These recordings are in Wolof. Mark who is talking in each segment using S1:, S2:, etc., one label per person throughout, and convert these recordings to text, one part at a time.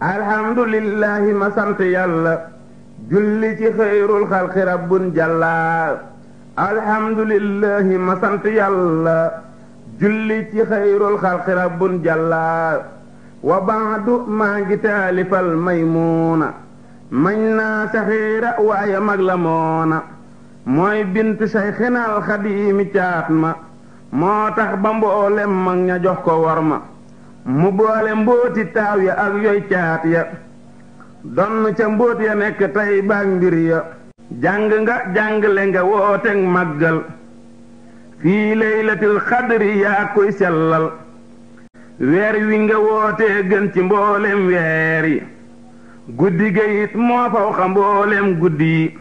S1: alhamdulillahi ma yàlla julli ci xëyrul xalqi rabbun jàlla alhamdulillahi ma sant yàlla julli ci xëyrul xalqi rabbun jàlla wa baadu maa ngi taalifal maymuuna mañ naa saxiira waaye mag la moona mooy bint sayxinal xadiimi caat ma moo tax ba mboolem mag ña jox ko war ma mu boole mbooti taaw ya ak yoy caat ya donn ca mbóot ya nekk tey baag mbir ya jàng nga jàngle nga wooteeg màggal fii laylatil xadri yaa koy sellal weer wi nga wootee gën ci mboolem weer yi guddi ga it moo faw xa mboolem guddi yi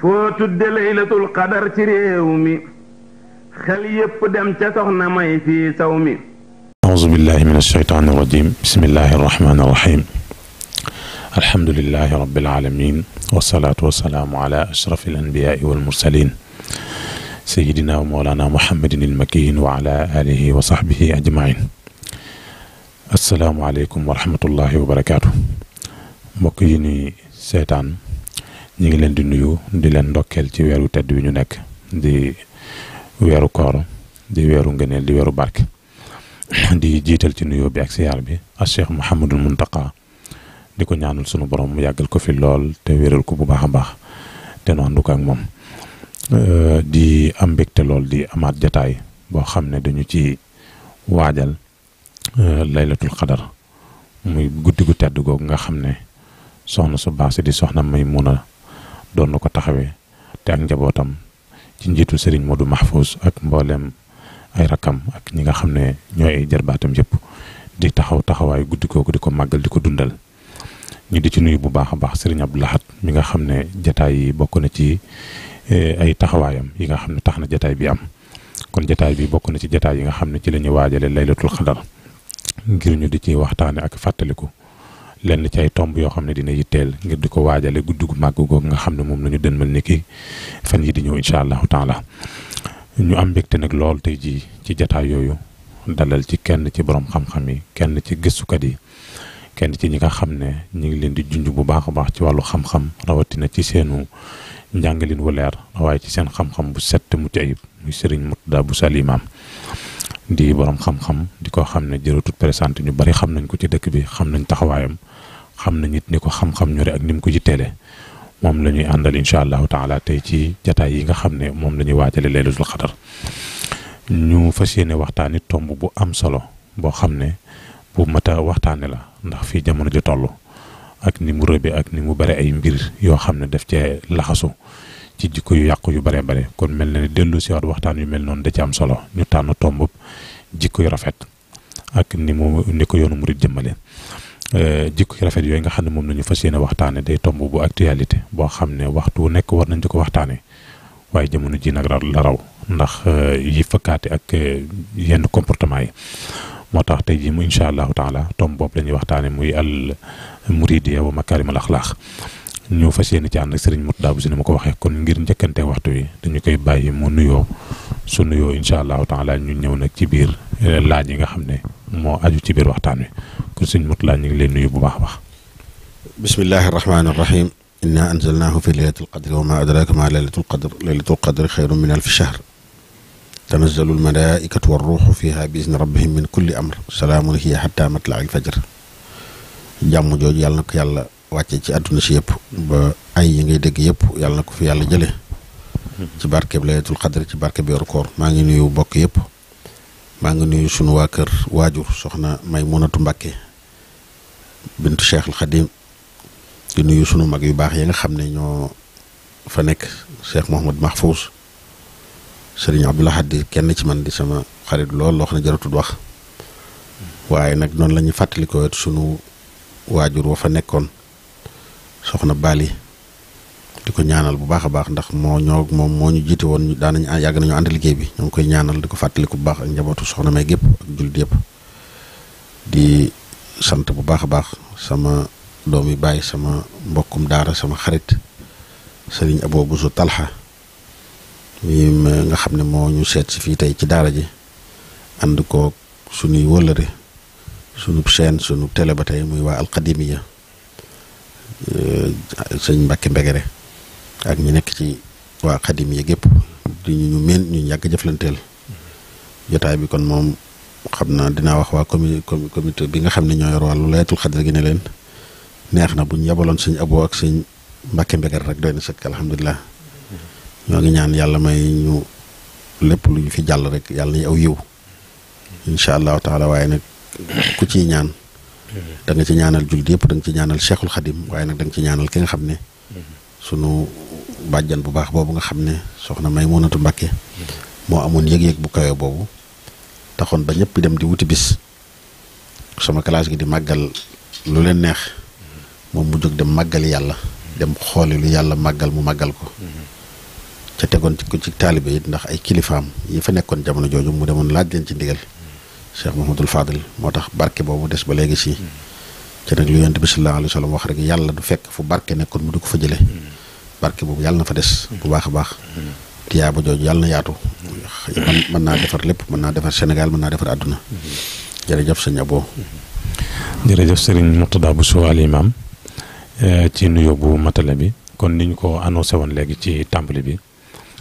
S1: foo tudde laylatul xadar ci réew mi xel yépp dem ca soxna may fii saw mi
S2: aousubillahi min alsheytaan irrajim bismillahi arrahmaani irrahim alhamdulilahi rabilalamin wasalaatu wasalaamu ala ashraf alanbiyaai walmursalin sayidina wa moolana mohammadin ilmakin wa ala alihi wa saxbihi ajmain asalaamualeykum wa rahmatullahi wa barakaatu mbokk yi ñuy seetaan ñi ngi leen di nuyu di leen ndokkeel ci weeru tedd wi ñu nekk di weeru koor di weeru ngëneel di weeru barke di jiital ci nuyoo bi ak siyaar bi ak Cheikh Mouhamadul Muntaqa di ko ñaanal sunu borom mu yàggal ko fi lool te wéral ko bu baax a baax te nu àndu ko ak moom euh, di am mbégte lool di amaat jataay boo xam ne dañu ci waajal euh, laylatul xadar muy guddi gu tedd googu nga xam ne soxna su baax si di soxna may mun a doon na ko taxawee te ak njabootam ci njiitu Serigne Modou Mahfouz ak mboolem ay rakkam ak ñi nga xam ne ñooy jarbaatam yëpp di taxaw taxawaay guddi googu di ko màggal di ko dundal ñu di ci nuyu bu baax a baax Serigne Abdou Lahad mi nga xam ne jataay bokk na ci eh, ay taxawaayam yi ne tax na jataay bi am kon jataay bi bokk na ci jataay yi nga xam ne ci lañuy ñuy waajale laylatul xadar ngir ñu di ci waxtaane ak fàttaliku lenn ci ay tomb yoo xam ne dina yitteel ngir di ko waajale guddi gu màgg googu nga xam ne moom la ñu dënmal ni ki fan yi di ñëw incha allahu taala ñu am mbégte nag lool tey jii ci jataay yooyu dalal ci kenn ci borom xam-xam yi kenn ci gëstukat yi kenn ci ñi nga xam ne ñu ngi leen di junj bu baax a baax ci wàllu xam-xam rawatina ci seenu njàngalin wu leer waaye ci seen xam-xam bu set mucc ayib muy Serigne Mourtada Bousso al Imam di borom xam-xam di ko xam ne jërëtut présenté ñu bari xam nañ ko ci dëkk bi xam nañ taxawaayam xam nañ it ni ko xam-xam ñore ak nim mu ko jitteele mom lañuy àndal inshallah taala tay ci jotaay yi nga xamne mom lañuy wajale lailatul waajale ñu fasiyene waxtani waxtaani tomb bu am solo bo xamne bu mata a la ndax fi jamono ju tollu ak ni mu rëbe ak ni mu bare ay mbir yo xamne ne daf cee laxasu ci jikko yu yaq yu bare bare kon mel na ne dellu si waat yu mel non da ci am solo ñu tan tomb jikko yu rafet ak ni mu ni ko yonu murit jëmmale Euh, jikko yu rafet yooyu nga xam ne moom nañu fa yéene waxtaane day tomb bu actualité boo xam ne waxtu nekk war nañ di ko waxtaane waaye jamono ji nag la raw ndax euh, yi fëkkaate ak euh, yenn comportement yi moo tax tey jii mu incha allahu taala tomb boobu la ñuy waxtaane muy al muridiya wa makaarimal axlaax ñu fas yéene ci ànd ak sëriñ Mourtada si ni ma ko waxee kon ngir njëkkante waxtu wi dañu koy bàyyi mu nuyoo su nuyoo incha allahu taala ñu ñëw nag ci biir laaj yi nga xam ne mo aju ci bir waxtan wi ko seigne mutla ñi ngi leen nuyu bu baax baax bismillahir rahmanir rahim inna anzalnahu fi laylatil
S3: qadri wa ma adraka ma laylatul qadr laylatul qadri khayrun min alf shahr tanazzalu almalaikatu warruuxu fiha bi izni rabbihim min kulli amr salaamun hiya xatta matla al fajr jàmm jooju yàlla na ko yàlla wàcce ci àdduna si yëpp ba ay yi ngay dégg yëpp yàlla na ko fi yàlla jële ci barkeb laylatul qadr ci barkeb weeru koor maa ngi nuyu bokk yëpp maa ngi nuyu sunu waa kër waajur soxna Maymunatu Mbàkke bintu Cheikhul Xadim di nuyu sunu mag yu baax yi nga xam ne ñoo fa nekk Cheikh Mouhamad Mahfouz sëriñ Abdou Lahad di kenn ci man di sama xarit lool loo xam ne jaratul wax waaye nag noonu la ñuy fàttalikoo sunu waajur woo fa nekkoon soxna Bali. di ko ñaanal bu baax a baax ndax moo ñoo moom moo ñu jiite woon daan nañ yàgg nañu ànd liggéey bi ñu ngi koy ñaanal di ko fàttaliku bu baax ak njabootu soxna may gépp ak jullit yépp di sant bu baax a baax sama doomi bay, bàyyi sama mbokkum daara sama xarit sëriñ aboo busu talha mi nga xam ne moo ñu seet si fii tey ci daara ji ànd ko suñuy wëlëre sunub chaîne sunub télé ba tey muy waa alqadimiya euh, sëñ mbàkke mbegere ak ñi nekk ci waa xadim yi gépp di ñu meen ñu yàgg jëflanteel jotaay bi kon moom xam naa dinaa wax waa comi comité bi nga xam ne ñoo yor wàllu layatul xadr gi ne leen neex na bu ñu yabaloon suñ aboo ak suñ mbàkke mbegar rek doy na sëkk alhamdulilah ñoo ngi ñaan yàlla may ñu lépp lu ñu fi jàll rek yàlla nañu aw yiw incha allahu taala waaye nag ku ciy ñaan da nga ci ñaanal jullit yëpp da nga ci ñaanal cheikhul xadim waaye nag da nga ci ñaanal ki nga xam ne bajjan bu baax boobu nga xam ne soxna Maymunatu Mbàkke moo amoon yëg-yëg bu kawe boobu taxoon ba ñëpp dem di wuti bis sama classe gi di màggal lu leen neex moom mu jóg dem màggali yàlla dem xooli lu yàlla màggal mu màggal ko ca tegoon ci ci taalibe yi ndax ay kilifaam yi fa nekkoon jamono jooju mu demoon laaj leen ci ndigal Cheikh Fadil moo tax barke boobu des ba léegi si ci nag lu yonent bi sallallahu alayhi wa wax rek yàlla du fekk fu barke nekkoon mu di ko fa barke boobu yàlla na fa des bu baax a baax tiyaa ba jooju yàlla na yaatu mën naa defar lépp mën naa defar Sénégal mën naa defar àdduna jërëjëf sëñ Abo
S2: jërëjëf sëriñ Mourtada Bousso al imam eh, ci nuyoo bu matale bi kon ni ko annoncé woon léegi ci tàmbali bi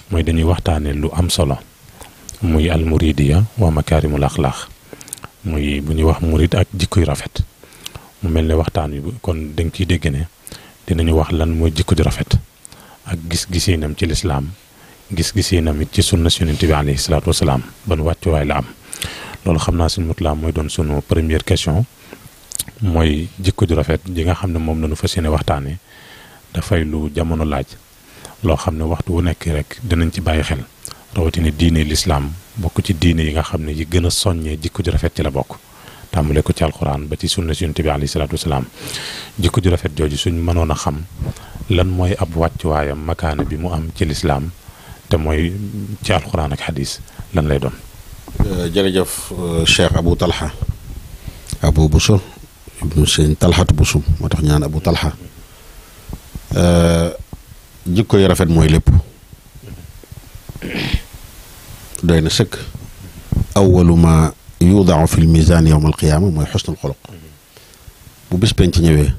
S2: mooy dañuy waxtaane lu am solo muy al muridiya wa makaarimul axlaax muy bu ñuy wax murid ak yu rafet mu mel ne waxtaan wi kon dañ ciy dégg ne dinañu wax lan mooy jikko ju rafet ak gis-gisinam ci lislaam gis-gisinam it ci sunna yonent bi alayhi salaatu wasalaam ban waay la am loolu xam naa suñ mutlaam mooy doon sunu première question mooy jikko ju rafet yi nga xam ne moom lañu fas yéene waxtaane dafay lu jamono laaj loo xam ne waxtu wu nekk rek dinañ ci bàyyi xel rawatina diine lislaam bokk ci diine yi nga xam ne yi gën a soññee jikko ju rafet ci la bokk tàmbale ko ci alxuraan ba ci sunna si yonent bi alayhi salaatu wasalaam jikko ju rafet jooju suñ mënoon a xam lan mooy ab wàccuwaayam makaana bi mu am ci lislaam te mooy ci alxuraan ak xadis lan lay doon.
S3: Euh, jërëjëf euh,
S2: Cheikh talxa Talha Abou Bousso
S3: ibnu sëñ bu Bousso moo tax ñaan Abou Talha euh, jikko yu rafet mooy lépp doy na sëkk awwalu yuudau fil misaan yowm al qiyaama mooy xusnul xuluq bu bis penc ñëwee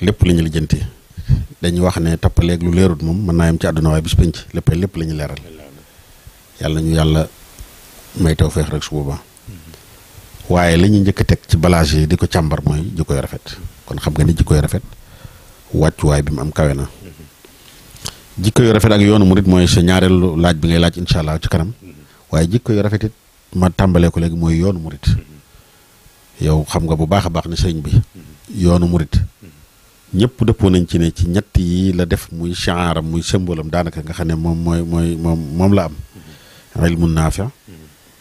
S3: lépp la ñu lijjanti dañuy wax ne tappaleeg lu leerut moom mën naa yem ci àdduna waaye bis penc lépp lañu la ñu leeral yàlla ñu yàlla may feex rek su waaye li ñu njëkk teg ci balage yi di ko càmbar mooy jikkoy rafet kon xam nga ni jikkoy rafet wàccuwaay bi mu am kawe na jikko yu rafet ak mu murit mooy sa ñaareelu laaj bi ngay laaj incha ci kanam waaye jikko yu rafet ma tàmbalee ko léegi mooy yoonu murit yow xam nga bu baax a baax ne sëriñ bi yoonu murit ñëpp dëppoo nañ ci ne ci ñett yi la def muy chanram muy sëmbolam daanaka nga xam ne moom mooy mooy moom moom la am ilmun naafi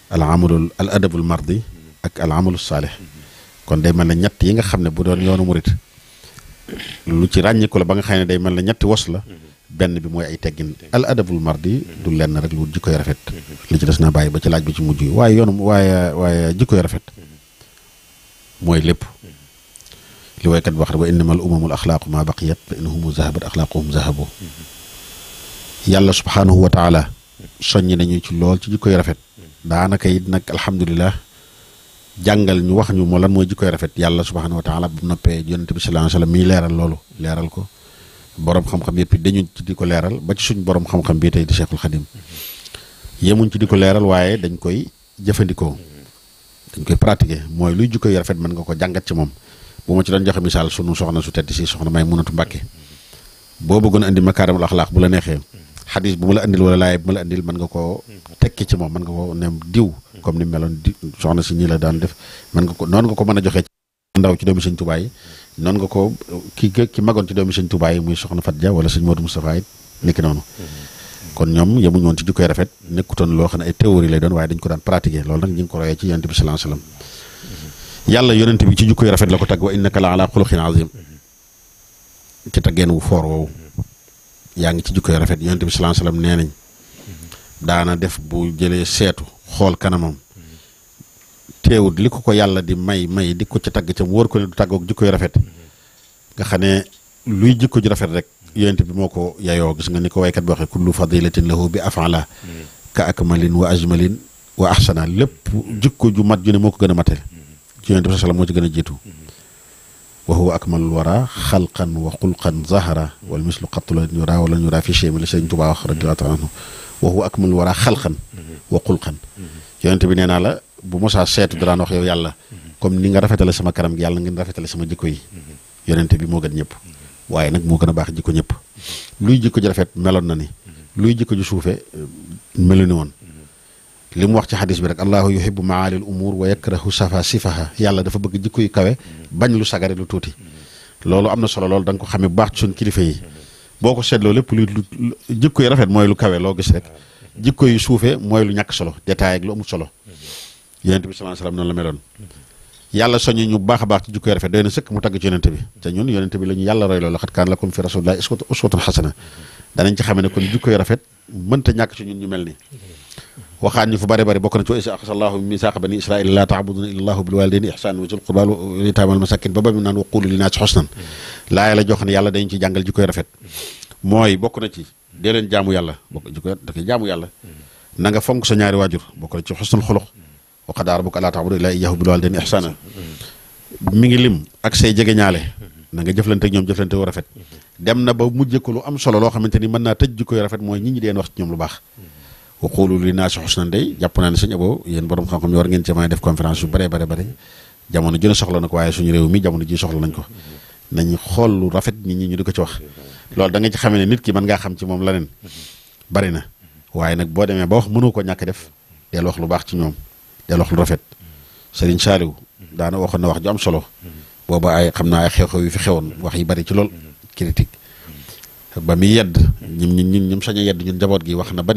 S3: al amalul al adabul mardi ak al amalu saalih kon day mel ne ñett yi nga xam ne bu doon yoonu murit lu ci ràññiku la ba nga xam ne day mel ne ñetti wos la benn bi mooy ay teggin al adabul mardi mm-hmm. du lenn rek lu jikkoy rafet mm-hmm. li ci des na bàyyi ba ci laaj bi ci mujj yi waaye yoonum waaye waaye jikkoy rafet mm-hmm. mooy lépp li waykat bi wax rek wa innamal umamul axlaaqu ma baqiyat fa inhumu zahabat axlaaquhum zahabu yàlla subhaanahu wa taala soññi nañu ci lool ci jikkoy rafet daanaka it nag alhamdulilah jàngal ñu wax ñu moo la mooy jikkoy rafet yàlla subhaanahu wa taala bu noppee yonente bi sallallahu alayhi wa sallam miy leeral loolu leeral ko borom xam-xam yëpp dañu ci di ko leeral ba ci suñ borom xam-xam bii tey di Cheikhul Khadim yemuñ ci di ko leeral waaye dañ koy jëfandikoo dañ koy pratiquer mooy luy jukko yu rafet mën nga ko jàngat ci moom bu ma ci doon joxe misaal sunu soxna su tedd si soxna may munatu mbàkke boo bëggoon andi makaarimul laax bu la neexee xadis bu mu la andil wala laay bu mu la andil mën nga koo tekki ci moom mën nga ko ne diw comme ni meloon di soxna si ñii la daan def mën nga ko noonu nga ko mën a joxee ndaw ci doomi sëñ Touba yi noonu nga ko ki ki magoon ci doomi sëñ Touba yi muy soxna Fat wala sëñ Modou Moustapha it nekk noonu kon ñoom yemuñ woon ci jikkoy rafet nekkutoon loo xam ne ay théorie lay doon waaye dañ ko daan pratiquer loolu nag ñu ngi ko royee ci yonent bi sallallahu alayhi wasallam yàlla yonent bi ci jikkoy rafet la ko tagg wa innaka la ala xuluqin azim ci wu foor woowu ci rafet yonent sallallahu alayhi wasallam nee daana def bu jëlee seetu xool kanamam teewut li ko ko yàlla di may may di ko ca tagg ca mu wóor ko ne du tàggoog jikko yu rafet nga xam ne luy jikko ju rafet rek yonent bi moo ko yayoo gis nga ni ko waykat bi waxee kullu fadilatin lahu bi afala ka akmalin wa ajmalin wa ahsana lépp jikko ju mat ju ne moo ko gën a mate ci yonent bi sala moo ci gën a jiitu wa huwa akmalul wara xalqan wa xulqan zahara lu mislu xattula yura wala yura fi chemi la Sëriñ Tuubaa wax radiyallaahu taala wa huwa akmalul waraa xalqan wa xulqan yonent bi nee naa la bu mosaa seetu daraan wax yow yàlla comme ni nga rafetale sama kanam gi yàlla ngeen rafetale sama jikko yi yonent bi moo gën ñëpp waaye nag moo gën a baax jikko ñëpp luy jikko ji rafet meloon na ni luy jikko ji suufe melu ni woon li mu wax ci xadis bi rek allahu yuhibbu maalil umur wa yakrahu safa sifaha yàlla dafa bëgg jikko yi kawe bañ lu sagare lu tuuti loolu am na solo loolu da nga ko xamee bu baax ci kilifa yi boo ko seetloo lépp lu jikko yu rafet mooy lu kawe loo gis rek jikko yu suufee mooy lu ñàkk solo détail ak lu amul solo mm-hmm. yonent bi sallallahu alayhi wasallam noonu la meloon yàlla soñu ñu baax a baax ci jukkoy rafet doy na sëkk mu tagg ci yonente bi te ñun yonente bi la ñu yàlla roy loolu xat kaan lakum fi rasulillahi uswatun xasana danañ ci xamee ne kon jukkoy rafet mënta ñàkk ci ñun ñu mel ni waxaan ñu fu bari bari bokk na ci wa is axasallahu misaaqa bani israila laa taabuduna illallahu bil walidayni ihsanan wa zul qurba wal yatama wal masakin ba ba rafet mooy bokk na ci dee leen jaamu yàlla bokk jukkoy da koy jaamu yàlla na nga fonk sa ñaari waajur bokk na ci xusnul xuluq wa qad rabbuka allaa ta'budu illa iyyahu bil walidayni ihsana mi ngi lim ak say jege na nga jëflante ak ñom jëflante wu rafet dem na ba mujjé ko lu am solo lo xamanteni man na tejj tëj yu rafet moy ñi ñi deen wax ci ñom lu baax wa quulu linnaasi husnan day japp na ni Abo yeen borom xam-xam ngeen ci may def conférence yu bare bare bare jamono ju ne soxla na waye suñu rew mi jamono ji soxla nañ ko nañ xol lu rafet nit ñi ñu di ci wax lool da nga ci xamé nit ki man nga xam ci mom lanen bare na waye nak bo démé ba wax mënu ko ñak def deel wax lu baax ci ñom delloo xol rafet Serigne Saliou daana waxoon na wax ju am solo booba ay xam naa ay xew-xew yu fi xewoon wax yi bari ci lool critique ba mi yedd ñim nyim nyim ñim sañ a yedd ñun njaboot gi wax na ba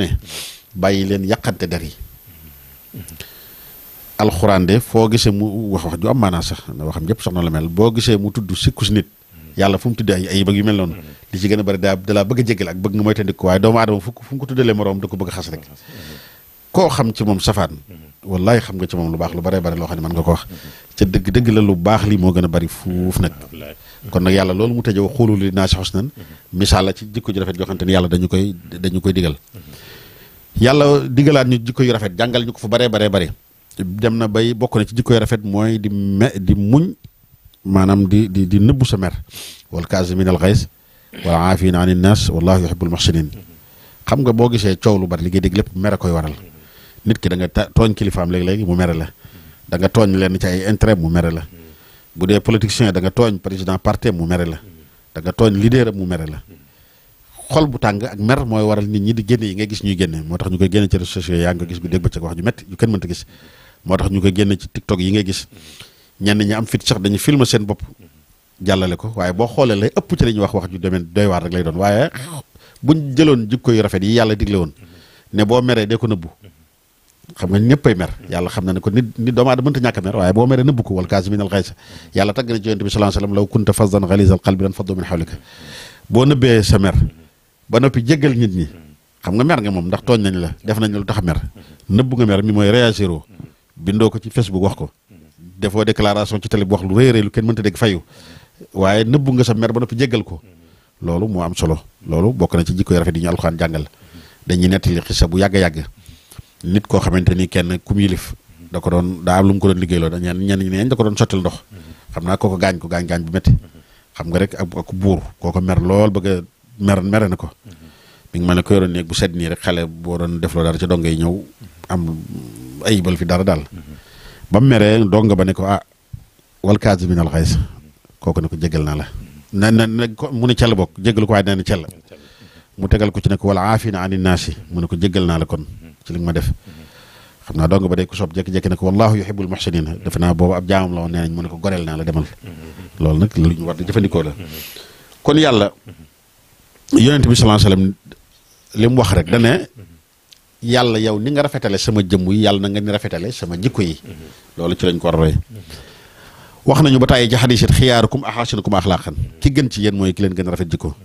S3: bayi len leen yàqante der yi alxuraan de foo gisee mu wax wax ju am maanaa sax waxam yëpp sax na la mel boo gisee mu tudd sikkus nit yalla fu mu tuddee ay ayib ak yu mel noonu li ci gëna bari daa da la bëgg jéggel ak bëgg nga moy tandiku way doom adam fu mu ko tuddalee morom da ko bëgg xass rek ko xam ci mom safane والله خم جت مملو باخ لو بره بره لو خاني من غو خ تدق دق للو باخ لي موجنا بري فوف نك كنا يلا لول متى جو خلو لي ناس حسنن مثال تي دي كو جرفت جو خان تني يلا دنيو كوي دنيو كوي ديجل يلا ديجل عن دي كو جرفت جنجال نيو كف بره بره بره demna bay bokk na ci jikko rafet moy di di muñ manam di di di neub sa mer wal kazimin al ghais wal afin an nas wallahu yuhibbul muhsinin xam nga bo gisee ciow lu bar ligi deg lepp mer koy nit ki da nga tooñ kilifaam léegi-léegi mu mere la da nga tooñ leen ci ay intérêt mu mere la bu daga politicien da nga tooñ président parti mu mere la da nga leader mu mere la xol bu tàng ak mer mooy waral nit ñi di génne yi ngay gis ñuy génne moo tax ñu koy génne ci réseaux sociaux yaa ngi ko gis guddeeg bëccëg wax ju yu kenn mënta gis moo tax ñu ci tiktok yi ngay gis ñenn ñi am fit sax dañu filmer seen bopp jàllale ko waaye boo xoolee lay ëpp ci la ñuy wax wax ju demee doy waar rek lay doon waaye buñ jëloon jikko yu rafet yi ne bo meree dee ko xam nga ñëppay mer yàlla xam na ne ko nit nit doomu adam mënta ñak mer waye bo mere nëbb wal wal min al ghaysa yàlla tagg na ci yonent bi sallallahu alayhi wasallam law kunta fazdan ghaliza al-qalbi lan fadu min hawlika bo nëbbee sa mer ba noppi jéggal nit ñi xam nga mer nga moom ndax tooñ nañ la def nañ lu tax mer nëbb nga mer mi mooy réagir oo ko ci Facebook wax ko defoo déclaration ci télé wax lu rëy lu kenn mënta dégg fayu waaye nëbb nga sa mer ba noppi jéggal ko loolu moo am solo loolu bokk na ci jikko rafet yi ñu alxuraan jàngal dañuy nettali xisa bu yàgg-yàgg nit koo xamante ni kenn kum yilif da ko doon daa am lu ko doon liggéeyloo da ñenn ñenn ñi neeñ da ko doon sottil ndox xam naa kooko gaañ ko gaañ-gaañ bu métti xam nga rek ak ak buur kooko mer lool ba a mer mere na ko mi ngi mel ne ko yoroon néeg bu sedd nii rek xale boo doon defloo dara ci donga yi ñëw am ayibal fi dara daal ba mu meree donga ba ne ko ah wal kaasimin al xays kooku ne ko jégal naa la na na mu ne cell bokk jégalu ko waaye nee na mu tegal ko ci ne ko wala aafina ani naasi mu ne ko jéggal naa la kon ci li nga ma def xam naa dong ba day ku soob jékki-jékki ne ko wallaahu yuhibbul muhsinin defe naa boobu ab jaamam la woon nee nañ mu ne ko goreel naa la demal loolu nag lu ñu war di jëfandikoo la kon yàlla yonent bi sallallahu alayhi mu wax rek dane yàlla yow ni nga rafetale sama jëmm yi yàlla na nga ni rafetale sama jikko yi loolu ci lañ ko war a roy wax nañu ba tàyyi ci xadiis it xiyaarukum axaasinukum axlaaqan ki gën ci yéen mooy ki leen gën a rafet jikko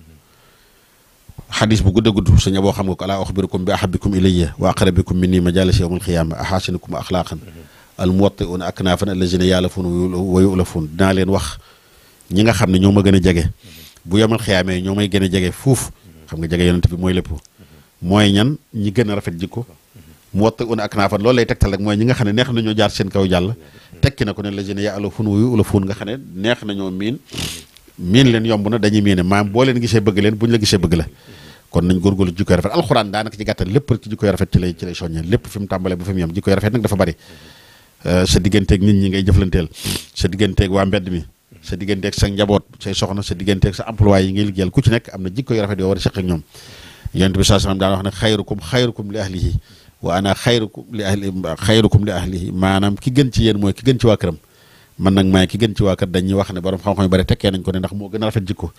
S3: xadis bu gudd a gudd sëñ boo xam nga ko alaa axbirukum bi ahabikum ilayya wa aqrabikum minni majalisi yawmal qiyaama axaasinakum axlaaqan al muwatti'uuna aknaafan leen wax ñi nga xam ne ñoo ma gën a jege bu yawmal qiyaamee ñoo may gën a jege fuuf xam nga jege yonent bi mooy lépp mooy ñan ñi gën a rafet jikko muwatti'uuna aknaafan loolu lay tegtal rek mooy ñi nga xam ne neex nañoo jaar seen kaw jàll tekki na ko ne allazina yaalafuun wa yulafuun nga xam ne neex nañoo miin miin leen yomb na dañuy miine maam boo leen gisee bëgg leen bu buñ la gisee bëgg la kon nañ góorgóorlu ci jikkoy rafet alxuraan daanaka ci gàttal lépp rek ci jikkoy rafet ci lay ci lay soññee lépp fi mu tàmbalee ba fi mu yem jikkoy rafet nag dafa bari euh, sa digganteeg nit ñi ngay jëflanteel waa mbedd mi sa digganteeg sa njaboot say soxna sa digganteeg sa employé yi ngay liggéeyal ku ci nekk am na jikkoy rafet yoo war a seq ak ñoom yonent bi saa salaam daan wax ne xayrukum xayrukum li ahlihi wa ana xayrukum li ahli xayrukum li ahlihi maanaam ki gën ci yéen mooy ki gën ci waa këram man nag maay ki gën ci waa kër dañuy wax ne borom xam-xam yu bari tekkee nañ ko ne ndax moo gën a rafet jikko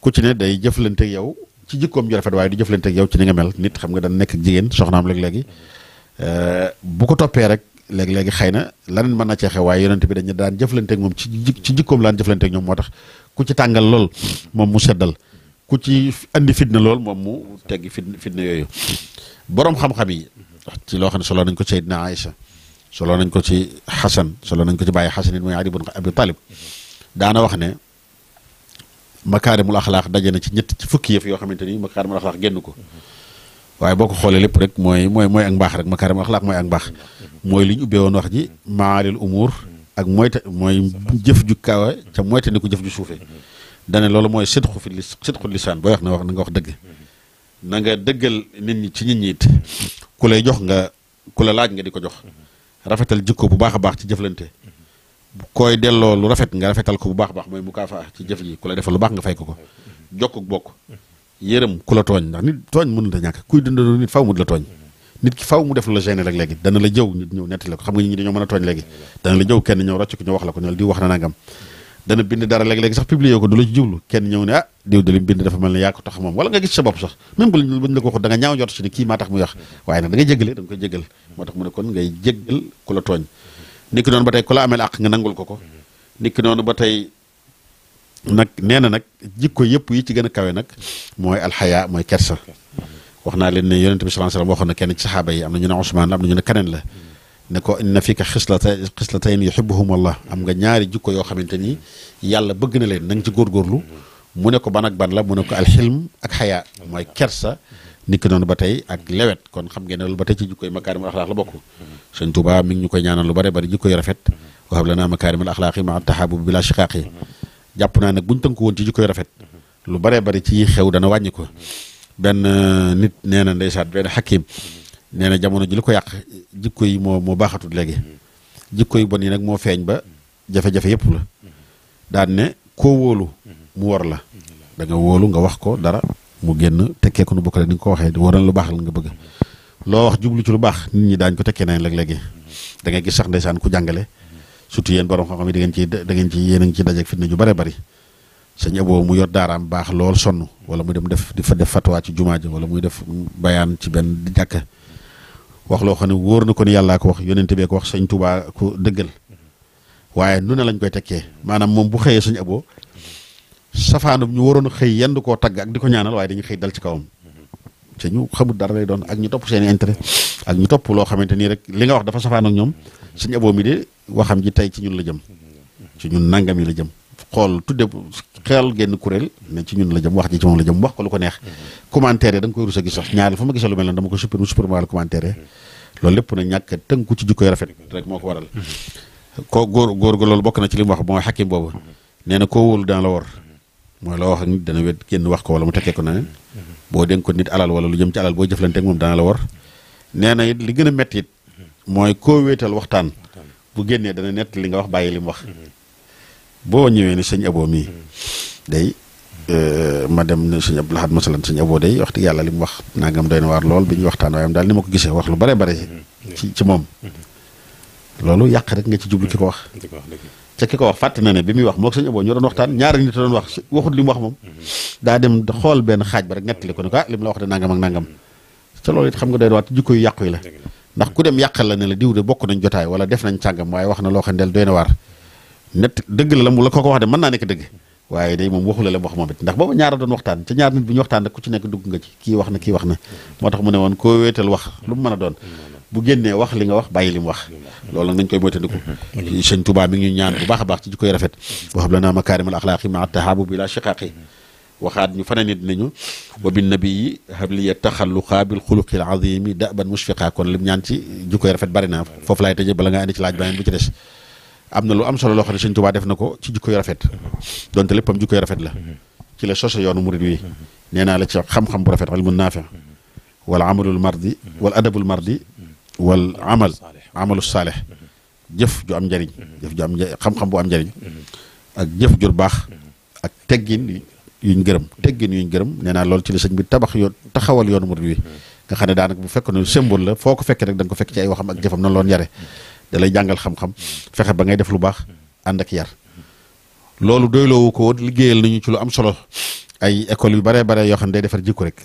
S3: ku ci ne day jëflanteeg yow ci jikkoom ju rafet waaye di jëflante ak yow ci ni nga mel nit xam nga dana nekk jigéen soxnaam léeg-léegi euh, bu ko toppee rek léegi léegi xëy na laneen mën na ceexe waaye yonent bi dañu daan jëflante moom ci ci jikkoom laan jëflante ak ñoom moo tax ku ci tàngal lool moom mu seddal ku ci andi fitna lool moom mu teggi fitna fitna yooyu boroom xam-xam yi ci loo xam ne solo nañ ko ci Seydina Aïcha solo nañ ko ci Xasan solo nañ ko ci bàyyi Xasan it mooy Ali ibn Abi Talib daana wax ne makaarimul axlaax daje na ci ñett ci fukki yëf yoo xamante ni makaarimul axlaax génn ko waaye boo ko xoolee lépp rek mooy mooy mooy ak mbaax rek makaarimul axlaax mooy ak mbaax mooy li ñu woon wax ji maalil umuur ak moyta mooy jëf ju kaawe ca moyta ni ko jëf ju suufee dane loolu mooy sidqu fi sidqu lisaan booy wax na wax na nga wax dëgg na nga dëggal nit ñi ci nit ñi it ku lay jox nga ku la laaj nga di ko jox rafetal jikko bu baax a baax ci jëflante koy delloo lu rafet nga rafetal ko bu baax baax mooy mukaafa ci jëf ji ku la defal lu baax nga fay ko ko jokk bokk yërëm ku la tooñ ndax nit tooñ mënut a kuy dundaloo nit faw mu di la tooñ nit ki mu def lu la gêné rek léegi dana la jëw nit ñëw netti la ko xam nga nit ñi dañoo mën a tooñ léegi dana la jëw kenn ñëw rocc ko wax la ko na nangam dana bind dara léeg-léeg sax publier ko du la ci jublu kenn ñëw ne ah diw de li bind dafa mel ne yaa ko tax moom wala nga gis sa sax même bu ñu la ko waxut da nga ñaaw jot ci ne kii maa tax muy wax waaye nag da nga jéggale nga koy jéggal moo mu ne kon ngay jéggal ku la tooñ niki non batay kula amel ak nga nangul koko niki non batay nak neena nak jikko yep yi ci gëna kawé nak moy al haya moy kersa waxna len ne yaronte bi sallallahu alayhi wasallam waxna kenn ci sahaba yi amna ñu ne usman amna am na ñu ne keneen la ne ko inna fika xislata xislatayn yuhibbuhum allah am nga ñaari jikko yoo xamante yàlla bëgg na leen na nga ci góorgóorlu mu ne ko ban ak ban la mu ne ko alxilm ak xayaa mooy kersa nikk noonu ba tey ak lewet kon xam ngeen ne ba tey ci jikkoy makaarimul axlaaq la bokk sëñ mi ngi ñu koy ñaanal lu bare bari jikko yu rafet wa hab lanaa makaarimul axlaaqi maa tahaabub bila shiqaaqi jàpp naa nag buñ tënk woon ci jikko yu lu bare bari ci xew dana wàññi ko benn nit nee na ndeysaan benn xakim nee na jamono ji li ko yàq jikko yi moo moo baaxatul léegi jikko yu bon yi nag moo feeñ ba jafe-jafe yëpp la daan ne koo wóolu mu wor la da wóolu nga wax ko dara mu genn tekke ko nu bokkale ni ko waxee waral lu bax nga bëgg lo wax jublu ci lu bax nit ñi dañ ko tekke nañ leg legi da ngay gis sax ndaysan ku jàngale surtout yeen borom xam-xam di da ngeen ci da ngeen ci yeen ngi ci dajje fitna ju bare bari sëñ aboo mu yor daaraam bax lool sonu wala mu dem def di fa def fatwa ci juma ji wala mu def bayan ci benn jakk wax lo xam woor na ko ni yalla ko wax yónnente be ko wax sëñ touba ku dëggal waye nu ne lañ koy tekke manam mom bu xeye sëñ abo safaanum ñu waroon xëy yendu koo tagg ak di ko ñaanal waaye dañu xëy dal ci kawam te ñu xamul dara lay doon ak ñu topp seen intérêt ak ñu topp loo xamante nii rek li nga wax dafa safaan ak ñoom suñu aboo mi de waxam ji tey ci ñun la jëm ci ñun nangam yi la jëm xool tudde xel genn kuréel ne ci ñun la jëm wax ji ci moom la jëm wax ko lu ko neex commentaire da nga koy rus a gis sax ñaari fa ma gisal lu mel noonu dama ko supprimer supprimer wàllu commentaire loolu lépp nag ñàkk ci jikkoy rafet rek moo ko waral koo góor góor ga loolu bokk na ci li mu wax mooy boobu nee na koo wóolu la war mooy loo wax nit dana wet kenn wax ko wala mu tekkee ko na boo dénk ko nit alal wala lu jëm ci alal boo jëflante ak moom dana la war nee na it li gën a métti mooy koo wéetal waxtaan bu génnee dana nett li nga wax bàyyi li mu wax boo ñëwee ni sëñ aboo mii day euh, ma dem ne sëñ Abdou Lahad masalan sëñ aboo day wax dëgg yàlla li mu wax nangam doy na waar lool bi ñu waxtaan waaye am daal ni ma ko gisee wax lu bare bare ci ci moom mm-hmm. loolu yàq rek nga ci jublu ki ko wax ca ki ko wax fàtte na ne bi muy wax moo ko sëñ Abo ñoo doon waxtaan ñaari nit doon moom daa dem xool benn xaaj ba rek nettali ko ne ko ah li la wax de nangam ak nangam ca loolu it xam nga la ndax la ne la diw de bokk nañ jotaay wala def nañ càngam waaye wax na loo xam ne doy na waar nett dëgg la la mu la ko ko wax de mën naa nekk dëgg waaye day moom waxu la la wax moom it ndax booba ñaara doon waxtaan ca ñaar nit bi ñu waxtaan rek ku ci nekk dugg nga ci kii wax na kii wax na moo tax mu ne woon koo wéetal wax lu mu mën a doon bu génné wax li nga wax bàyyi lim wax loolu nag nañ koy moytandiku seigne touba mi ngi ñaan bu baax baax ci ji koy rafet waxab la makarim al akhlaqi maa tahaabu bila shiqaqi wa waxaat ñu fane nit nañu wa bin nabii habliya yatakhalluqa bil al azimi daban mushfiqa kon lim ñaan ci ji koy rafet bari na fofu lay tejje bala nga andi ci laaj beneen bu ci dess amna lu am solo lo xam seigne touba def nako ci ji koy rafet donte léppam ji koy rafet la ci le sosse yoonu murid wi nee la ci xam-xam bu rafet al munafiq wal amalul mardi wal adabul mardi wal amal amalu saalix jëf ju am njariñ jëf ju am xam-xam bu am njariñ ak jëf ju baax ak teggin yuñ gërëm teggin yuñ gërëm nee naa loolu ci la sëñ bi tabax yoon taxawal yoonu murid wi nga xam ne daanaka bu fekk ne symbole la foo ko fekkee rek da nga ko fekk ci ay waxam ak jëfam noonu loon yare da lay jàngal xam-xam fexe ba ngay def lu baax ànd ak yar loolu doyloowu ko woon liggéeyal nañu ci lu am solo ay école yu baree bare yoo xam ne day defar jikko rek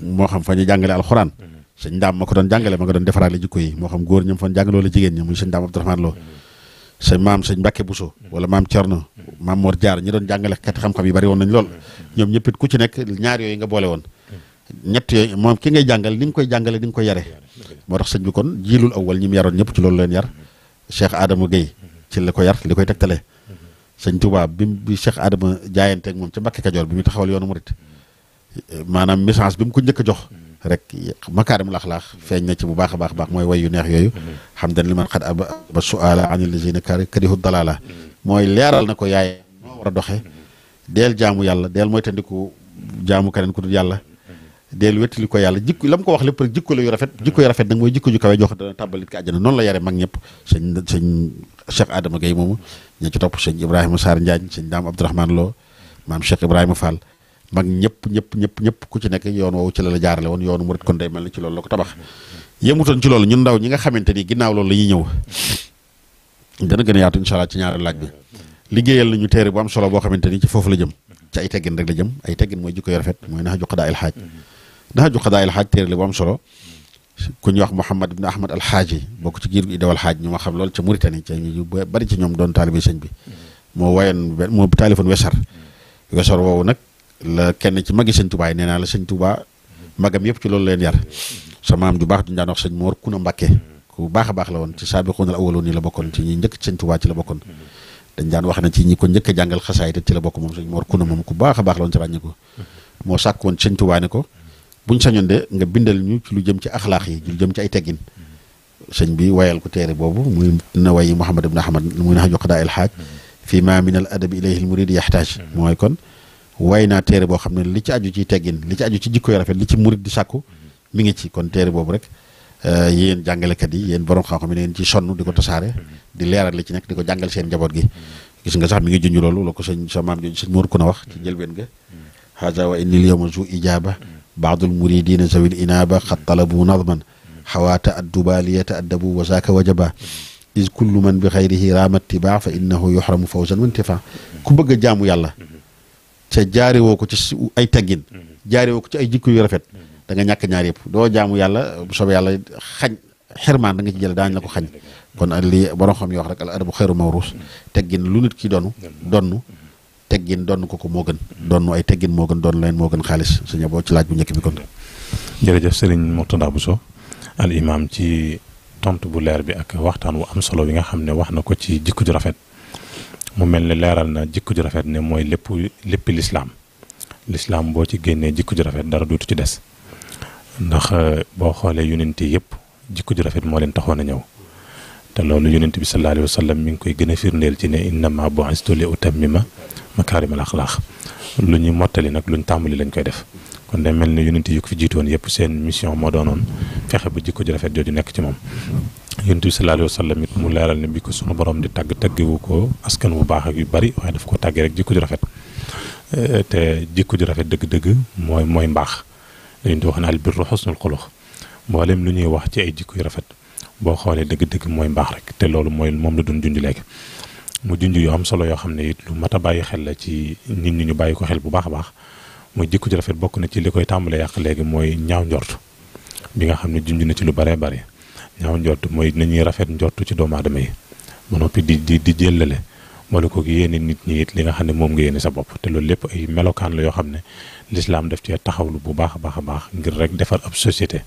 S3: moo xam fa ñu jàngale alxuraan sëñ daam ma ko doon jàngale ma ko doon defaraale jikko yi moo xam góor ñoom fan jàngaloo la jigéen ñi muy sëñ daam Abdourahmane Lo sëñ maam sëñ Mbacke Bousso wala maam Thierno maam Mor Diar ñi doon jàngale kat xam-xam yi bari woon nañ lool ñoom ñëpp it ku ci nekk ñaar yooyu nga boole woon ñett yooyu moom ki ngay jàngal ni nga koy jàngale ni nga koy yare moo tax sëñ bi kon jiilul awwal ñi mu yaroon ñëpp ci loolu leen yar Cheikh Adama gay ci la ko yar li koy tegtale sëñ Touba bi bi Cheikh Adama jaayanteeg moom ca Mbacke Kajoor bi mu taxawal yoonu murit maanaam message bi mu ko njëkk a jox rek lax axlaax feeñ na ci bu baax a baax baax mooy way yu neex yooyu xam dan li man xat aba ba suala an alladina karihu dalala mooy leeral na ko yaay moo war a doxe deel jaamu yàlla deel mooy tandiku jaamu keneen ku dul yàlla deel wettali ko yàlla jikko la mu ko wax lépp rek la yu rafet jikko yu rafet nag mooy jikko ju kawe jox dana tàbbalit ko àjjana noonu la yare mag ñëpp sëñ sëñ Cheikh Adama Gueye moomu ña ci topp sëñ Ibrahima Sarr Njaañ sëñ Daam Abdourahmane loo maam Cheikh Ibrahima Fall mag ñëpp ñëpp ñëpp ñëpp ku ci nekk yoon woowu ci la jaarale woon yoonu murit kon day mel ni ci loolu la ko tabax yemutoon ci loolu ñun ndaw ñi nga xamante ni ginnaaw loolu la ñuy ñëw dana gën a yaatu incha allah ci ñaari laaj bi liggéeyal ñu téere bu am solo boo xamante ni ci foofu la jëm ci ay teggin rek la jëm ay teggin mooy jikko yu rafet mooy naxa juqadaa il xaaj naxa juqadaa il xaaj téere la bu am solo ku ñuy wax Mouhamad ibn Ahmad alxaaji bokk ci giir gi idawal xaaj ñu ma xam loolu ca Mauritanie ca ñu bari ci ñoom doon taalibe sëñ bi moo wayoon moo taalifoon wesar wesar woowu nag la kenn ci magi sëñ Touba yi nee naa la sëñ Touba magam yëpp ci loolu leen yar sa maam ju baax duñu daan wax sëñ Moor Kuna Mbàkke ku baax a baax la woon ci saabiquunal awwaloon yi la bokkoon ci ñi njëkk sëñ Touba ci la bokkoon dañ daan wax ne ci ñi ko njëkk a jàngal xasaay te ci la bokk moom sëñ Moor Kuna moom ku baax a baax la woon ci ràññi ne ko buñ sañoon de nga bindal ñu ci lu jëm ci axlaax yi lu jëm ci ay teggin sëñ bi wayal ko téere boobu muy na wayi Muhammad ibn Ahmad muy nax jox daa el xaaj fii ma min al adabi ilayhi al mooy kon way naa téere boo xam ne li ci aju ci teggin li ci aju ci jikko yu rafet li ci murit di sàkku mi ngi ci kon téere boobu rek euh, yéen jàngalekat yi yéen borom xam-xam yi ngeen ci sonn di ko tasaare di leeral li ci nekk di ko jàngal seen njaboot gi gis nga sax mi ngi junj loolu la ko sëñ sa maam jooju sëñ Mour ku na wax ci jëlbeen ga haja wa innil yowma zu ijaaba baadul muridina zawil inaaba xat talabu nadman xawaata adduba liyata addabu wasaaka wajaba is kullu man bi xayrihi raama tibaa fa innahu yuxramu fawsan wa intifa ku bëgg a jaamu yàlla ca jaariwoo ko ci ay teggin mm-hmm. jaariwoo ko ci ay jikko yu rafet mm-hmm. da nga ñàkk ñaar yëpp doo jaamu yàlla bu soobee yàlla xañ xirmaan da nga ci jël daañ la ko xañ kon mm-hmm. li borom xam yoo wax rek al adabu xayru mawrus teggin lu nit ki donnu donnu teggin donn ko ko moo gën donnu ay teggin moo gën doon leen moo gën xaalis suñu boo ci laaj bu njëkk bi kon
S2: jërëjëf sëriñ Mourtada Bousso al imam ci tontu bu leer bi ak waxtaan wu am solo bi nga xam ne wax na ko ci jikko ju rafet mu mel ne leeral na jikko ju rafet ne mooy lépp léppi lislaam lislaam boo ci génnee jikko ju rafet dara dootu ci des ndax euh, boo xoolee yonent yëpp jikko ju rafet moo leen taxoon a ñëw te loolu yonent bi sallallahu alayhi wa sallam mi ngi koy gën a firndeel ci ne bo innama bu'istu ma utammima makaarimal axlaaq lu ñuy mottali nag luñ tàmbali lañ koy def kon day mel ni yonent yu ko fi jiitoon yëpp seen mission moo doonoon fexe ba jikko ju rafet jooju nekk ci moom yonent bi sallallahu alayhi wa sallam it mu leeral ne bi ko sunu borom di tàgg tàggewu ko askan bu baax ak yu bari waaye daf ko tàggee rek jikko ju rafet te jikko ju rafet dëgg-dëgg mooy mooy mbaax yonent bi wax na al birru husnul xuluq mboolem lu ñuy wax ci ay jikko yu rafet boo xoolee dëgg-dëgg mooy mbaax rek te loolu mooy moom la doon junj léegi mu junj yoo am solo yoo xam ne it lu mat a bàyyi xel la ci nit ñi ñu bàyyi ko xel bu baax a baax mooy jikko ju rafet bokk na ci li koy tàmbalee yàq léegi mooy ñaaw njort bi nga xam ne junj na ci lu baree bare ñaaw njort mooy ñuy rafet njortu ci doomu aadama yi ba noppi di di di moo boole ko yéene nit ñi it li nga xam ne moom nga yéene sa bopp te loolu lépp ay melokaan la yoo xam ne lislaam daf cee lu bu baax a baax a baax ngir rek defar ab société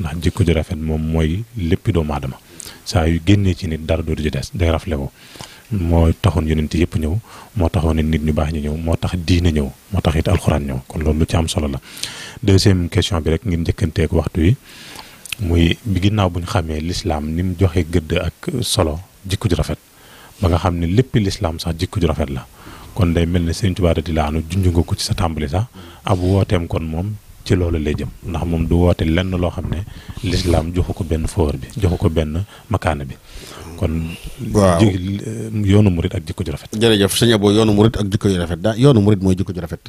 S2: ndax jikko ju rafet moom mooy léppi doomu aadama saa yu génnee ci nit dara dootu ci des day rafle woo moo taxoon yonent yëpp ñëw moo taxoon nit ñu baax ñu ñëw moo tax diine ñëw moo tax it alxuraan ñëw kon loolu lu ci am solo la deuxième question bi rek ngir njëkkanteeg waxtu wi muy bi ginnaaw bu ñu xamee lislaam ni mu joxe gëdd ak solo jikko ju rafet ba nga xam ne lépp lislaam sax jikko ju rafet la kon day mel ne Sëriñ Tuubaa di laanu junj nga ko ci sa tàmbali sax ab wooteem kon moom ci loolu lay jëm ndax moom du woote lenn loo xam ne lislaam joxu ko benn foor bi joxu ko benn makaana bi kon. waaw yoonu murit ak jikko ju rafet.
S3: jërëjëf sëñ Abo yoonu murit ak jikko yu rafet daa yoonu murit mooy jikko ju rafet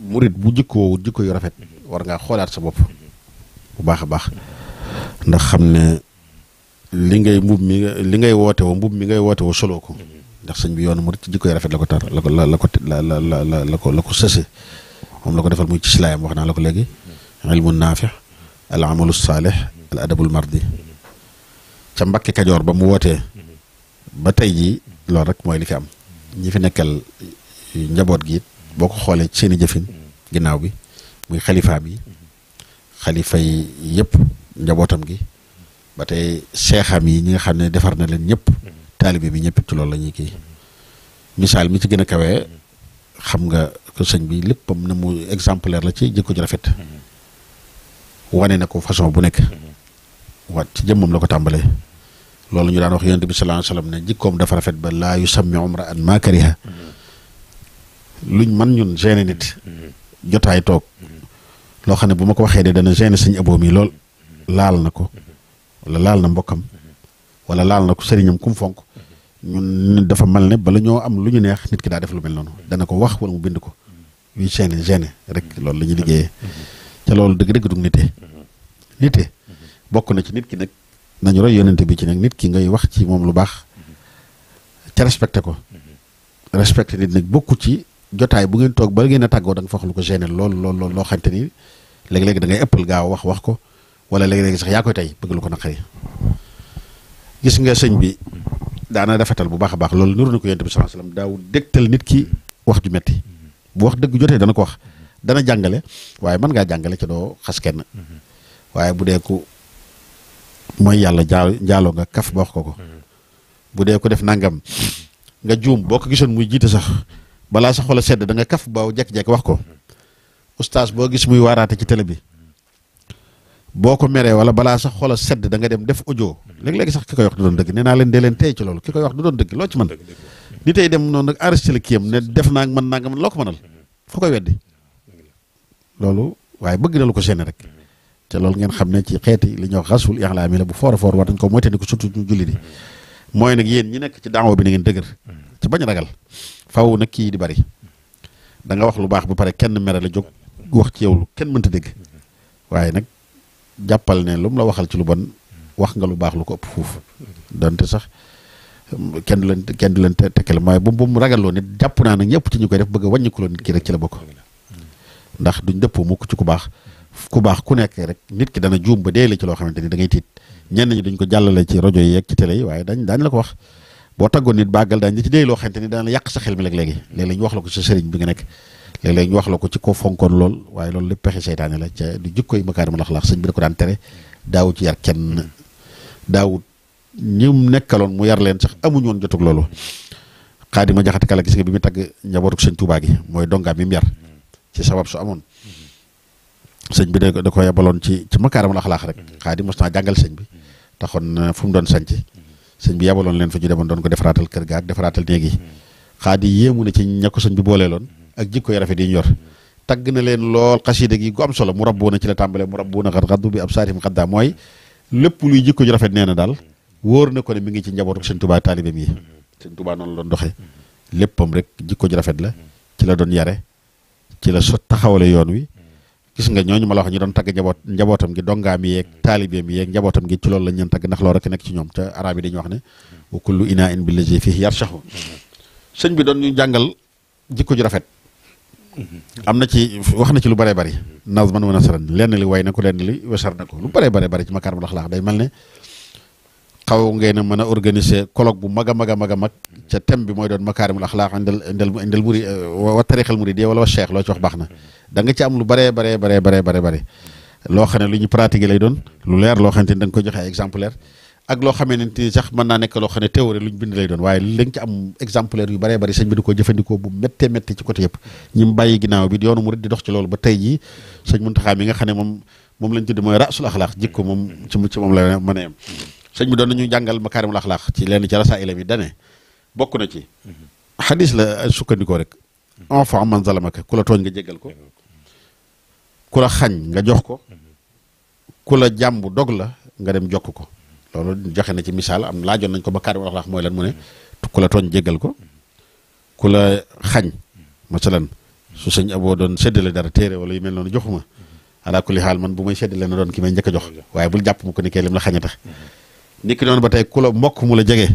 S3: murit bu jikkoowul jikko yu rafet war ngaa xoolaat sa bopp bu baax a baax ndax xam ne li ngay mbub mi li ngay woote woo mbub mi ngay woote woo soloo ko ndax sëñ bi yoonu murit ci jikko yu rafet la ko tar la ko la la ko la la la la ko la ko sëse moom la ko defal muy ci silaayam wax naa la ko léegi ilmu naafi al amalu saalih al adabul mardi ca Mbàkke Kajoor ba mu wootee ba tey jii loolu rek mooy li fi am ñi fi nekkal njaboot gi boo ko xoolee ci seen i jëfin ginnaaw bi muy xalifa bi xalifa yi yëpp njabootam gi ba tey seexam yi ñi nga xam ne defar na leen ñëpp taalibe bi ñëpp ci loolu la ñuy kii misaal mi ci gën a kawee xam nga ko sëñ bi léppam na mu exemplaire la ci jikko ju rafet wane na ko façon bu nekk waat ci jëmmam la ko tàmbalee loolu ñu daan wax yonent bi sallallahu alayhi wasallam ne jikkoom dafa rafet ba laa yu sammi umra an luñ man ñun gêné nit toog loo xam ne bu ma ko waxee de dana gêné sañ aboom yi lool laal na ko wala laal na mbokkam wala laal na ko sëriñam kum fonk ñun dafa mal ne bala ñoo am lu ñu neex nit ki daa def lu mel noonu dana ko wax wala mu bind ko yuy gêné gêné rek loolu la ñuy liggéeyee ca loolu dëgg-dëgg dug nite nite bokk na ci nit ki nag nañu roy yonent bi ci nag nit ki ngay wax ci moom lu baax te respecté ko mhm. respecté nit nag bokku ci jotaay bu ngeen toog ba ngeen a tàggoo da nga fa wax lu ko gêner lool lool lool loo xamante ni léeg-léeg dangay ngay ëppal gaaw wax wax ko wala léeg-léeg sax yaa koy tey bëgg lu ko naqari gis nga sëñ bi daana rafetal bu baax a baax loolu nuru na ko yonent bi sallallahu alayhi wasallam daaw dégtal nit ki wax ju metti mhm. bu wax dëgg jotee dana ko wax mhm. dana jàngale waaye mën ngaa jàngale ci doo xas kenn mooy yàlla jaal jaaloo nga kaf ba wax ko ko mm-hmm. bu dee ko def nangam nga juum boo ko gisoon muy jiite sax balaa sa xol a sedd da nga kaf ba jekk-jekk wax ko mm-hmm. ustaas boo gis muy waaraate ci télé bi mm-hmm. boo ko meree wala balaa sax xol a sedd danga dem def audio léeg-léegi sax ki koy wax du doon dëgg nee naa leen dee leen tey ci loolu ki koy wax du doon dëgg loo ci man di tey dem noonu nag enregistré la ne def naa man naa nga mën loo ko mënal fu koy weddi loolu bëgg ko séene te lol ngeen xam ci xéeti li ñu xassul ihlami la bu for for war dañ ko moyte ni ko surtout ñu julli di moy nak yeen ñi nek ci daawo bi ngeen deugër ci bañ ragal faaw nak ki di bari da nga wax lu baax bu pare kenn mere la jóg wax ci yow lu kenn mënta dégg waye nak jappal ne lu mu la waxal ci lu bon wax nga lu baax lu ko ëpp fuuf donte sax kenn mm, du kenn du leen tekkale mooy bu bu ragal lo nit jàpp naa nag ci ñu koy def bëgg wañiku lo nit ki rek ci la bokk ndax duñ mu mukk ci ku baax ku bax ku nek rek nit ki dana juum ba deele ci lo xamanteni da ngay tit ñen ñi duñ ko jallale ci radio yi ak ci télé yi waye dañ dañ la ko wax bo taggo nit bagal dañ ci dee lo xamanteni dana yak sa xel mi léeg legi leg léeg wax la ko ci serigne bi nga nek leg léeg wax la ko ci ko fonkon lool waye loolu lépp pexé seytaane la ca du jikkoy la axlaaq serigne bi da ko daan téré daawu ci yar kenn daawu ñum nekkalon mu yar leen sax amu ñoon jottuk loolu xaadima jaxate kala gis nga bi mi tagg njabootu serigne touba gi donga bi mi yar ci sabab su amone sëñ bi da ko yebaloon ci ci makaaramul axlaax rek mm-hmm. xaa di mos naa jàngal sëñ bi mm-hmm. taxoon uh, fu mu doon sanc mm-hmm. sëñ bi yebaloon leen fa ñu demoon doon ko defaraatal kër ga ak defaraatal néeg yi xaa di yéemu na ci ña ko sëñ bi loon ak jikko yu rafet yi ñu yor tagg na leen lool xasiida gi gu am solo mu rabbuuna ci la tàmbalee mu rabbuuna xat xaddu bi ab saarihim xadda mooy lépp luy jikko ju rafet nee na daal wóor na ko ne mi ngi ci njabootu sëñ tubaa taalibeem yi sëñ tubaa noonu la doon doxee léppam rek jikko ju rafet la ci la doon yare ci la so taxawale yoon wi gis nga ñooñu ma wax ñu doon tagg njaboot njabootam gi dongaam yeeg taalibeem yeeg njabootam gi ci loolu lañ leen tagg ndax loolu rek nekk ci ñoom te arab yi dañuy wax ne wa in billazi fihi yarshahu sëñ bi doon ñu jàngal jikko ju rafet am na ci wax na ci lu bëree bëri nazman wa nasran lenn li way na ko lenn li wasar na ko lu bëree bëri bëri ci makaarimul axlaaq day mel ne xaw ngeen mana mën organiser colloque bu maga maga maga a mag ca thème bi moy doon makaarimul akhlaq andal andal andal muri wa tarixal muridiyya wala wa cheikh lo ci wax baxna da nga ci am lu bare bare bare bare bare bare lo xam luñu lu pratiquer lay doon lu leer lo xamante ni ko joxe exemplaire ak lo xamante ni sax man na nek lo xam théorie lu bind lay doon waye lañ ci am exemplaire yu bare bare señ bi du ko jëfëndiko bu metti metti ci côté yëpp ñim video ginaaw bi yoonu murid di dox ci lool ba tay ji señ Muntaxa mi nga mom mom lañ tudd moy rasul akhlaq jikko mom ci mu ci mom lay mané sëñ bi doon nañu jàngal makaarimul axlaaq ci lenn ci rasaailam yi dane bokk na ci xadis la euh, sukkandikoo rek enfant man zalamaka ku la nga jéggal ko ku xañ nga jox ko ku la jàmbu dog la nga dem jokk ko loolu joxe na ci misaal am laajoon nañ ko makaarimul axlaaq mooy lan mu ne ku la tooñ jéggal ko ku la xañ masalan su sëñ doon séddale dara téere wala yu mel noonu joxuma alaa kulli xaal man bu may séddale na doon ki may njëkk jox waaye bul jàpp mu ko ni kee lim la xañ a tax niki noonu ba tey ku la mbokk mu la jege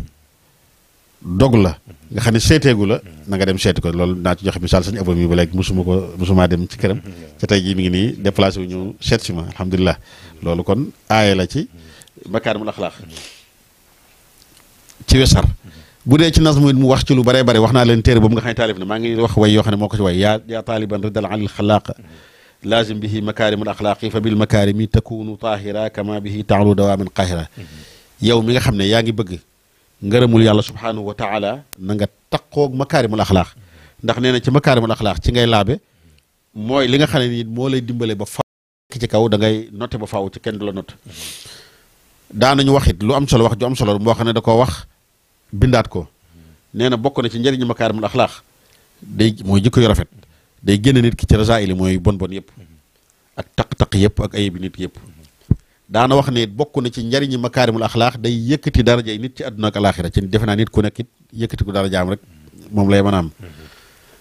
S3: dog la nga xamni ne seeteegu la na nga dem seeti ko loolu naa ci joxe misal sañ abou mi ba léegi musuma ko musuma dem ci kërëm ci tay ji mi ngi ni déplacer wu ñëw seet si ma alhamdulilah loolu kon ayé la ci bakkar mu akhlaq ci wessar bu dee ci nazmu mu wax ci lu bari bari waxna len téré téere nga xam ne na ma ngi wax way yo xamni moko ci way ya ya taliban riddal al khalaq laazim bihi makaarimul axlaaqi fa bil makaarimi takunu taahira kama bihi taalu dawaamin qahira yow mi nga xam ne yaa ngi bëgg ngërëmul yàlla subhaanahu wa taq kook nga taqoog makaarimul axlaax ndax nee na ci makaarimul axlaax ci ngay laabe mooy li nga xam ne nii moo lay dimbale ba faaw ci kaw da ngay noté ba faaw ci kenn du la not daanañu wax it lu am solo wax ju am solo moo xam ne da koo wax bindaat ko nee na bokk na ci njëriñu makaarimul axlaax day mooy jikko yu rafet day génn nit ki ci rasaa'il mooy bon bon yëpp ak taq-taq yëpp ak ayib nit yëpp daana wax ne bokk na ci njariñi makaarimul axlaax day yëkkati daraja yi nit ci àdduna ak alaaxira ci defe naa nit ku nekk it yëkkati ko darajaam rek moom lay mën a am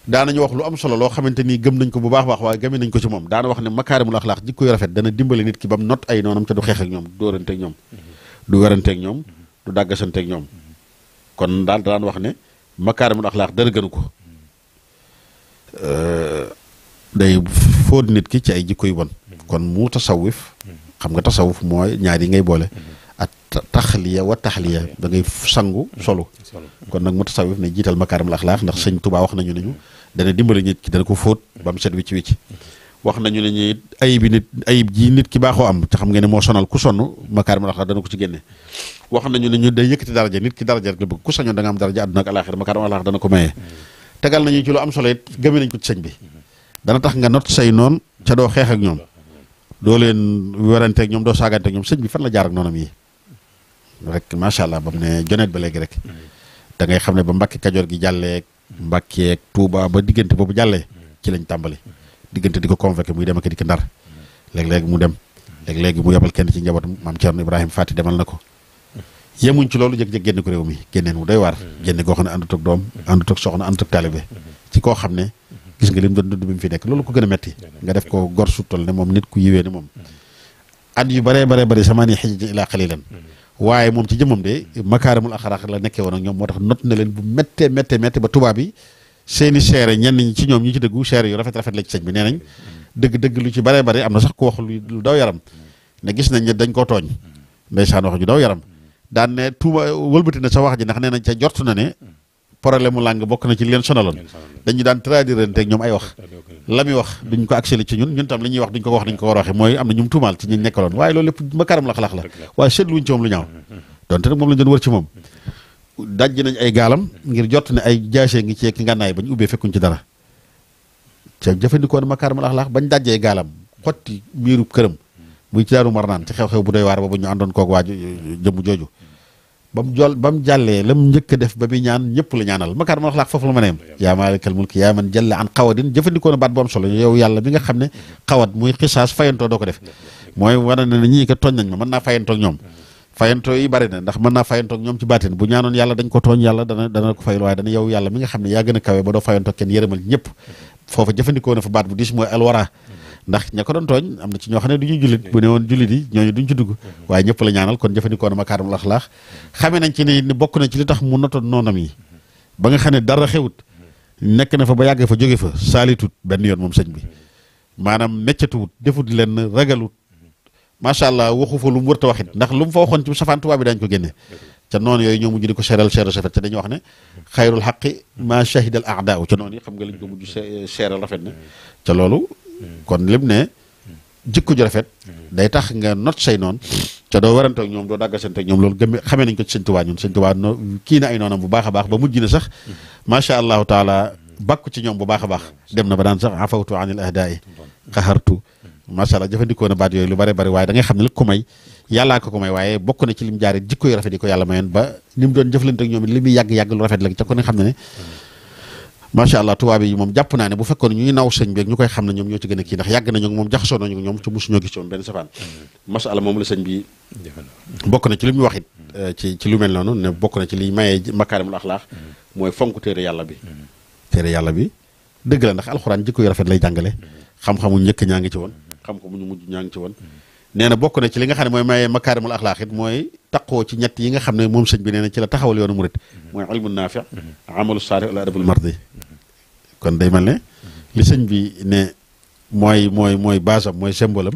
S3: daanañu wax lu am solo loo xamante ni gëm nañ ko bu baax baax waaye gëmee nañ ko ci moom daana wax ne makaarimul axlaax jikko yu rafet dana dimbale nit ki ba mu not ay noonam te du xeex ak ñoom du dóorante ak ñoom du werante ak ñoom du dàggasante daal daan wax ne makaarimul axlaax dara gënu ko euh, day fóot nit ki ci ay jikko yu bon kon mu tasawif xam nga tasawuf moy ñaari ngay bolé mhm. at takhliya wa taxliya da ngay sangu mhm. solu kon nak mutasawuf ne jital makaram la axlaax ndax mhm. seigne touba wax nañu nañu dana dimbali nit ki dana ko fot bam set wicc wicc wax nañu ni ayib nit ayib ji nit ki baxo am te xam nga ne mo sonal ku sonn makaarim alaxlaaq dana ko ci genné wax nañu ni ñu day yëkëti daraja nit ki daraja rek bëgg ku sañu da nga am daraja aduna ak dana ko maye tegal nañu ci lu am solo it gëmé nañ ko ci seigne bi dana tax nga note say non ca do xex ak ñom doo leen ñoom doo saaganteeg ñoom sëñ bi fan la jaar noonam yi rek macha allah ba mu ne jonet ba léegi rek da ngay xam ne ba mbakki Kajoor gi jàllee Mbàkke ak Tuuba ba diggante boobu jàllee ci lañ tàmbali diggante di ko convoqué muy dem ak di ko ndar léeg-léeg mu dem léeg-léeg mu yebal kenn ci njabootam maam Thierno Ibrahima Fati demal na ko yemuñ ci loolu jëkk-jëkk génn ko réew mi génneen wu doy waar génne goo xam ne àndut ak doom àndut ak soxna àndut ak taalibe ci koo xam ne gis nga lim doon dund bi mu fi nekk loolu ko gën a metti nga def ko gor su toll ne moom nit ku yiwee ne mm-hmm. la nekkee woon na leen bu méttee méttee méttee ba tubaab bi seeni seere ñenn ñi ci ñoom ñi ci dëggu seere yu bi nee nañ mm-hmm. dëgg dëgg lu ci bëree bëri am na sax ku wax lu daw yaram mm-hmm. ne ne dañ koo tooñ wax ju daw yaram daan ne wëlbati na sa wax ji ndax nee nañ ca jort na ne problème mu langue bokk na ci leen sonaloon dañu daan tradirante ak ñoom ay wax la muy wax duñ ko accélé ci ñun ñun tam li ñuy wax duñ ko wax duñ ko war a waxe mooy am na ñu mu tuumaal ci ñu nekkaloon waaye loolu lépp makaaram lax-lax la waaye seetluwuñ ci moom lu ñaaw nañ ay gaalam ngir jot ne ay jaasee ngi ceeki ngànnaay bañ ubbee fekkuñ ci dara ca jëfandikoo na makaaram lax-lax bañ dajjee gaalam xotti miiru këram muy ci daaru mar naan ci xew-xew bu doy waar ba bu ñu àndoon koog waaju jëmm jooju ba mu jol ba mu jàllee la njëkk def ba muy ñaan ñëpp la ñaanal makaar ma wax laa foofu la ma neem yaa yaa man jalla an xawadin jëfandikoo na baat bu am ne xawat muy ko def mooy war ne ne ñii naa fayantoo ñoom fayantoo yi naa fayantoo ak ñoom ci baatin bu ñaanoon yàlla dañ ko yàlla mi nga xam ne yaa gën a kawe ba doo fayantoo kenn yërëmal ñëpp foofa jëfandikoo fa baat bu diis mooy alwara ndax ñako don togn amna am na ci ño xane duñu julit bu neewon woon jullit yi ñooñu duñ ci dugg waye ñepp la ñaanal kon jëfandikoo na makaarimul axlaaq xamé nañ ci ni bokku na ci li tax mu noto nonam yi ba nga xane dara xewut nek na fa ba yàgg fa jóge fa salitut ben yoon mom señ bi defut len ragalut macha allah waxu fa lu mu waxit ndax lu mu fa waxon ci safan tubaab bi dañ ko genné ca non yoy ñoo mujj ko seeral rafet dañ wax né haqqi ma shahidal a'da'u ca non yi xam nga lañ ko rafet né ca lolu kon lim ne jikko ju rafet day tax nga not say noon te doo warante ak ñoom doo dàggasante ak ñoom lool gëmme xamee nañ ko ci sëñ Tuubaa ñun sëñ Tuubaa no kii na ay noonam bu baax a baax ba mujj na sax macha allahu taala bàkku ci ñoom bu baax a baax dem na ba daan sax afawtu anil ahdaai xaxartu macha allah jëfandikoo na baat yooyu lu bare bari waaye da ngay xam ne la ko may yàllaa ko ko may waaye bokk na ci lim jaare jikko yu rafet yi ko yàlla mayoon ba ni mu doon jëflante ak ñoom li muy yàgg-yàgg lu rafet la ca macha allah tubaab yi moom jàpp naa ne bu fekkoon ñuy naw sëñ bi ñu koy xam ne ñoom ñoo ci gën a kii ndax yàgg nañu moom jaxasoo nañu ñoom mm-hmm. moom sëñ bi bokk na ci li muy wax it mm-hmm. euh, ci ci lu mel noonu ne bokk na ci liy mayee makaarimul axlaax mm-hmm. mooy fonk téere yàlla bi téere yàlla bi dëgg la ndax alxuraan jikko yu rafet lay jàngale xam-xamu njëkk ñaa ngi ci woon xam-xamu ñu mujj ñaa ngi ci woon neena bokku na ci li nga xamne moy maye makarimul akhlaqit moy mooy ci ñet yi nga xamne mom sëñ bi neena ci la taxawal yoonu murid moy ilmun nafi' amalu salih wala adabul mardi kon day melne li sëñ bi ne moy moy moy basam moy symbolam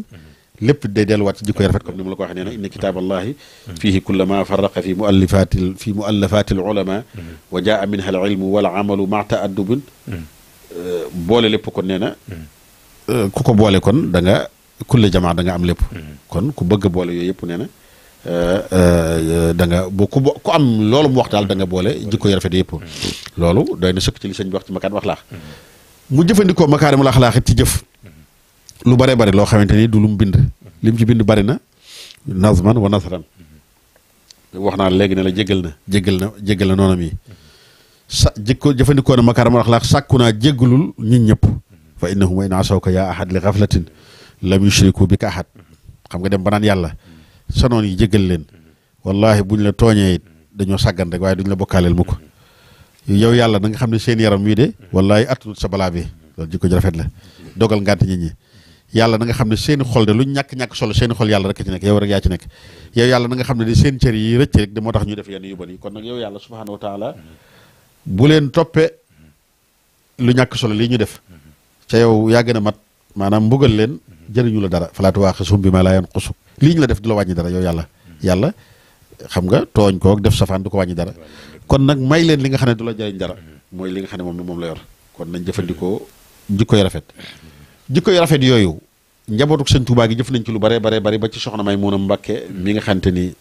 S3: lépp day delluwaat ci jikkoy rafet comme ni la ko wax neena inna kitaballahi fihi fiihi ma farraqa fi muallafati fi muallafati al ulama wa jaa minha al ilmu wal amalu ma taaddubin bolé lépp kon neena kuko bolé kon da nga kulle jamaa da am lépp. Mm. kon ku bëgg a boole yooyu yëpp nee na euh, euh, da nga bu ku am loolu mu wax daal da nga boole jikko yu rafet yëpp. Mm. loolu dooy na sëkk ci li sëñ bi wax ci makaarim axlaaq mm. mu jëfandikoo makaarimul axlaaq ci jëf. lu bari loo xamante ni du lu mu bind. li ci bind bari na nazman wa nasran wax naa léegi ne la jégal na jégal na jégal na noonam yi jëfandikoo na makaarimul axlaaq sàkku naa jégalul ñun ñëpp. fa innahuma in asawka yaa ahad li xaflatin lam yushriku bika ahad xam nga dem ba naan yàlla sanoon yi jéggal leen wallahi buñ la tooñee it dañoo sàggan rek waaye duñ la bokkaaleel mu ko yow yàlla na xam ne seen yaram wii de wallahi attanut sa balaa bi loolu jikko ji rafet ñi yàlla na nga xam ne seen xol de lu ñàkk-ñàkk solo seen xol yàlla rek ci nekk yow rek yaa ci nekk yow yàlla na xam ne di seen cër yi rëcc rek de moo tax ñu def yenn yu bari kon nag yow yàlla subhaanahu wa bu leen toppee lu ñàkk solo li ñu def ca yow yaa a mat maanaam mbugal leen jëriñu la dara falaatu wax sum bi ma laa yan xusu lii la def dula wañi dara yow yalla yalla xam nga togn ko def safan du ko wañi dara kon nag may leen li nga xam dula du jëriñ dara moy li nga xam mom mom la yor kon nañ jëfëndiko jikko yu rafet jikko yu rafet yoyu njabotuk seigne touba gi jëf nañ ci lu bare bare bare ba ci soxna may moona mbacke mi nga xanté ni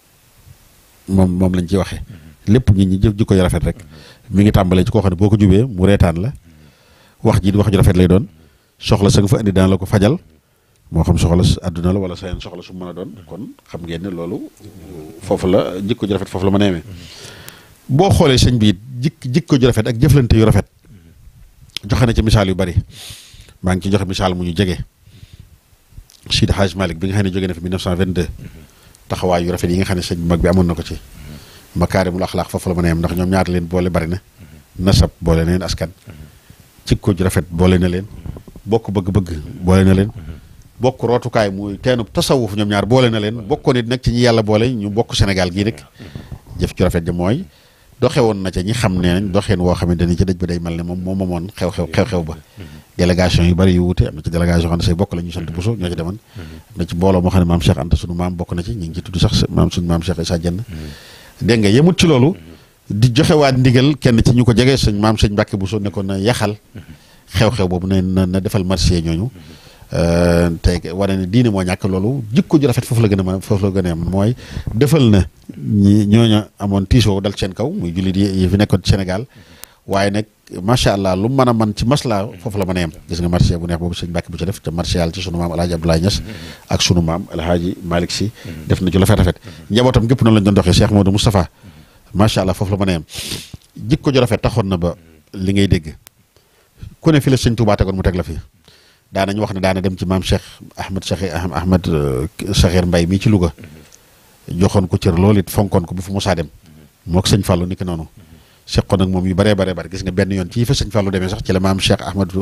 S3: mom mom lañ ci waxé lepp nit ñi jëf jikko rafet rek mi ngi tambalé ci ko xam boko jubé mu rétane la wax ji di wax ji rafet lay doon soxla fa indi dan la ko fajal moo xam soxla si àdduna la wala seen soxla su mën a doon kon xam ngeen ne loolu foofu la jikko ju rafet foofu la ma neemee boo xoolee sëñ bi jikk jikko ju rafet ak yu rafet joxe na ci misaal yu bari maa ngi ci joxe misaal mu ñu jege Sidi Hadj Malick bi nga xam ne jóge na fi 1922 taxawaay yu rafet yi nga xam ne sëñ mag bi amoon na ko ci makaarimul axlaaq foofu la ma neem ndax ñoom ñaar leen boole bari na nasab boole na leen askan jikko ju rafet boole na leen bokk bëgg-bëgg boole na leen bokk rootukaay muy teenub tasawuf ñoom ñaar boole na leen bokkoon it nag ci ñi yàlla boole ñu bokk Sénégal gii rek jëf ci rafet ja mooy woon na ca ñi xam ne doxeen woo xamante ni ci dëj ba day mel ne moom moo moomoon xew-xew xew-xew ba délégation yu bari yu wuute na ci délégation bokk la ñu sant Bousso ñoo ci demoon am na ci mbooloo moo xam ne maam Cheikh Anta sunu dégg nga yemut ci loolu di joxewaat ndigal kenn ci ñu ko jege sëñ maam sëñ Mbacke Bousso nekkoon na yaxal xew-xew boobu na na defal marché ñooñu Euh, tey wane ne diine moo ñàkk loolu jikko ju rafet foofu la gën a mën foofu la gën a am mooy defal na ñi ñooñu amoon tiisoo dal seen kaw muy jullit yi fi nekkoon Sénégal waaye nag macha allah lu mën a man ci masla foofu la mën a yem gis nga marché bu neex boobu sëñ Mbàkke bu ci def te marché yàlla ci sunu maam alhaaji Abdoulaye Niass ak sunu maam alhaaji Malick Sy def na ci lu rafet rafet njabootam gépp noonu lañ doon doxee Cheikh Modou Moustapha macha allah foofu la mën a yem jikko ju rafet taxoon na ba li ngay dégg ku ne fi la sëñ Tuubaa tegoon mu teg la fi daanañ wax ne daana dem ci maam Cheikh Ahmed Cheikh Ahmed Sakhir euh, ci Louga mhm. joxoon ko cër loolu it fonkoon ko bu fu musaa dem mhm. moo ko sëñ Fallou ni ki noonu seqoon mhm. nag moom yi baree bare bari gis nga benn yoon ci fa sëñ demee sax ci la maam Cheikh Ahmed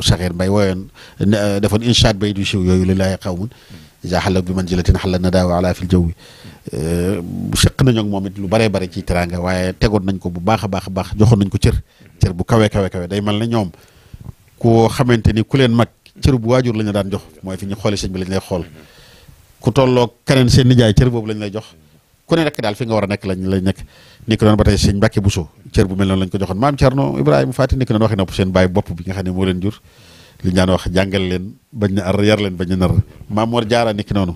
S3: Sakhir euh, Mbaye wooyoon euh, defoon bay du siw yooyu li laay xaw mun ja xala bi man jilatin xala na daaw ala fil jaww bi seq nañu ak moom it lu baree bari ci teraanga waaye tegoon nañ ko bu baax a baax a baax joxoon nañ ko cër cër bu kawe kawe kawe day mel na ñoom koo xamante ku leen mag cër bu waajur la ñu daan jox mooy fi ñu xoole sëñ bi lañ lay xool ku tolloo keneen seen nijaay cër boobu lañu lay jox ku ne rek daal fi nga war a nekk lañ lay ni ko noonu ba tey sëñ Mbàkke Buso cër bu mel noonu lañ ko joxoon maam Cerno Ibrahima Faati ni ko noonu waxee na seen bàyyi bopp bi nga xam ne moo leen jàngal leen bañ na ar leen bañ na nar maam Jaara ni noonu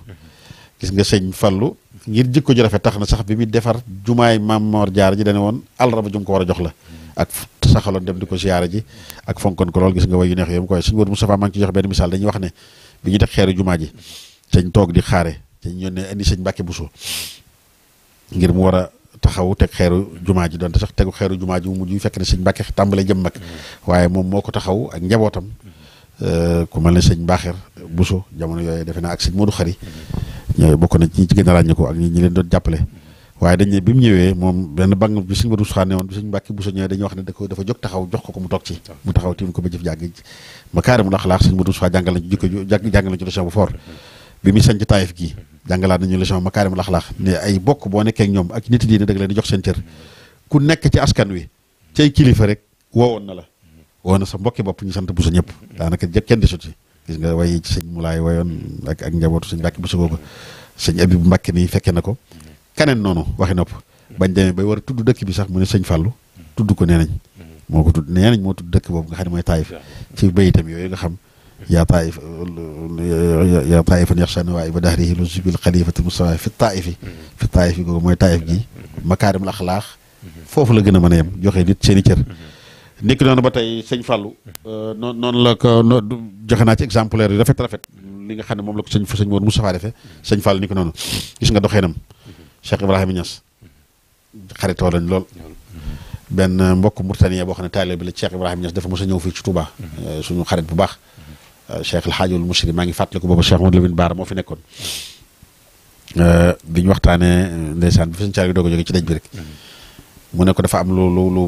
S3: gis nga sëñ Fallu ngir jikko ju rafet tax na sax bi muy defar jumaay maam Mor Jaara ji dane woon àllarba jum ko war a jox la ak saxalon dem diko ko ji ak fonkon ko lol gis nga way yu neex yam koy seigneur wër Moustapha ci jox ben misal dañuy wax ne bi ñu def xéru juma ji señ tok di xaré señ ñone indi señ mbacké Buso ngir mu wara a taxaw teg xeeru jumaa ji donte sax tegu xéru juma ji mu muju fekk né señ mbacké tambalé jëm mak waye mom moko ko taxaw ak euh ku melni señ sëñ Buso jamono yoy defena ak señ Modou Xari ñoy bokku na ci gën a ko ak ñi leen doon jappalé waaye dañ ne bi mu ñëwee moom benn bang bi suñu madu suxaane woon bi suñu mbàkki bu soñee dañuy wax ne da ko dafa jóg taxaw jox ko ko mu toog ci mu taxaw tiim ko ba jëf jàgg ma kaari mu la xalaax suñu madu suxaa jàngal nañ jikko jàngal nañ ci jàngalaat boo nekkee ak ñoom ak nit diine da nga leen di jox seen cër ku nekk ci askan wi na la woo na sa mbokki bopp ñu sant bu sa ñëpp daanaka jëkk kenn desut si gis nga way ci sëñ Mulaay wayoon ak ak njabootu sëñ Mbàkke bu sa booba sëñ Abibu Mbàkke nii fekke na ko kaneen noonu waxi nopp bañ demee bay war a tudd dëkk bi sax mu ne sëñ Fallou tudd ko nee nañ moo ko tudd nee nañ moo tudd dëkk boobu nga xam ne mooy taayif ci bayitam yooyu nga xam yaa taayif yaa taayifan yaxshan waaye ba dahrihi lu zibil xalifati mustafa fi taayifi fi taayif yi googu mooy taayif gi makaarimul axlaax foofu la gën a mën a yem joxe nit seen i cër nekk noonu ba tey sëñ Fallou euh, noonu noonu la ko joxe naa ci exemplaire yu rafet li nga xam ne moom la ko sëñ sëñ Mourou Moustapha defee sëñ Fallou ko noonu gis nga doxee nam Cheikh Ibrahima Niass xaritoo lañ lool. benn mbokk murtaniya boo xam ne taalibe bi la Cheikh Ibrahima Niass dafa mos a ñëw fii ci tubaa euh, suñu xarit bu baax. Euh, Cheikh xaajoo Hadj Al Mousri maa ngi ko boobu Cheikh Modou Lamine Baara moo fi nekkoon. bi euh, waxtaanee ndeysaan bi fi suñu caal gi doog a jógee ci daj bi rek. Mmh. mu ne ko dafa am lu lu lu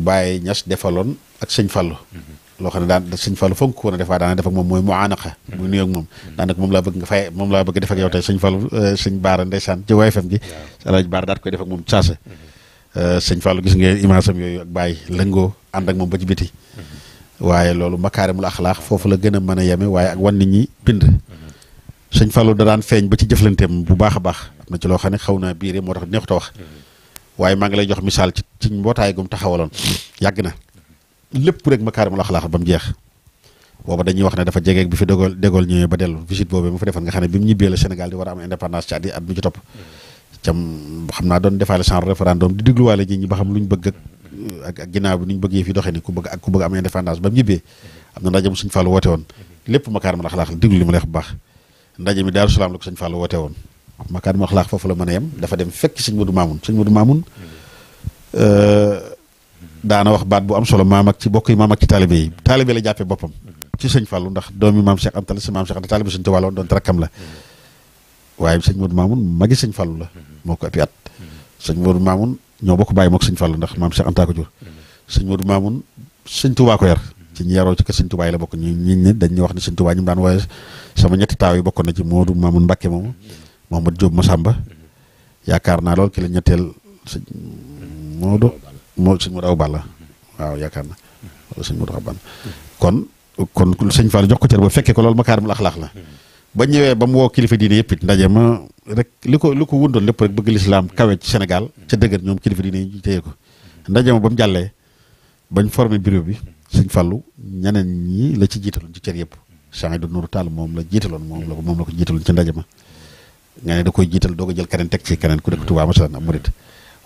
S3: ñas defaloon ak sëñ falo mmh. loo xam ne daan sëñ Fallou fonk woon a defaa daana def ak moom mooy mu aanaqa muy nuyoog moom mm-hmm. daanaka moom laa bëgg nga fay moom laa bëgg def ak yow tey sëñ Fallou euh, sëñ koy def ak moom mm-hmm. euh, sëñ Fallou gis nga am yooyu ak bàyyi lëngoo ànd ak moom ba ci biti mm-hmm. waaye loolu makaarimul axlaax foofu la gën a mën a yeme waaye ak wan nit ñi bind sëñ Fallou da daan feeñ ba ci jëflanteem bu baax a baax am na ci loo xam ne xaw naa biire moo tax neexut a wax waaye maa ngi lay jox misaal ci ci mbootaay gum taxawaloon yàgg na lépp rek makaarimul axlaaq ba mu jeex booba dañuy wax ne dafa jegeeg bi fi dégool dégool ñëwee ba dellu visite boobee mu fa defoon nga xam ne bi mu ñibbee la Sénégal di war a am indépendance ci yi at mi ci cam xam naa doon defaale genre référendum di dégluwaale ji ñi ba xam lu ñu bëgg ak ginnaaw bi nu ñu bëggee fi doxee ni ku bëgg ak ku bëgg am indépendance ba mu ñibbee am na ndaje mu suñ fàllu woote woon lépp makaarimul axlaaq la déglu li ma lay wax foofu la mën a yem dafa dem fekk daana wax baat bu am solo maam ak ci bokk yi maam ak ci talibé yi talibé la jappé bopam ci seigne fallu ndax doomi maam Cheikh antal ci si maam Cheikh antal talibé seigne Tuubaa don woon la waye seigne Modou Mamoun magi seigne fallu la moko ko ëppi at sëñ Modou Mamoun ño bokk baye mok seigne fallu ndax maam Cheikh antal ko jur seigne Modou Mamoun seigne touba ko yar ci ñi yaroo ci kër seigne touba la bokk ñu ñi ñi dañ ñu wax ni seigne touba ñu daan waye sama ñetti taw yi bokk na ci Modou Mamoun Mbacké mom Mamadou job Massamba yakarna lol ki la ñettel seigne Modou mo seigne Modou Awa Balla waaw yakarna na wala sëñ Modou kon Balla kon kon seigne Fall jox ko ter ba fekke ko loolu makaarimul axlaax la ba ñewé ba mu wo kilifa diine yëpp ndaje ma rek liko liko li lepp rek bëgg l'islam kawé ci Sénégal ci dëgg ñom kilifa diine ñu téyé ko ndaje ma bam jallé bañ formé bureau bi seigne Fallu ñaneen ñi la ci jittalon ci ter yëpp change du nuru taal moom la jittalon mom la mom la ko jittalon ci ndaje ma nga da koy jittal doga jël keneen tek ci keneen ku dëkk Tuubaa masalan ab murit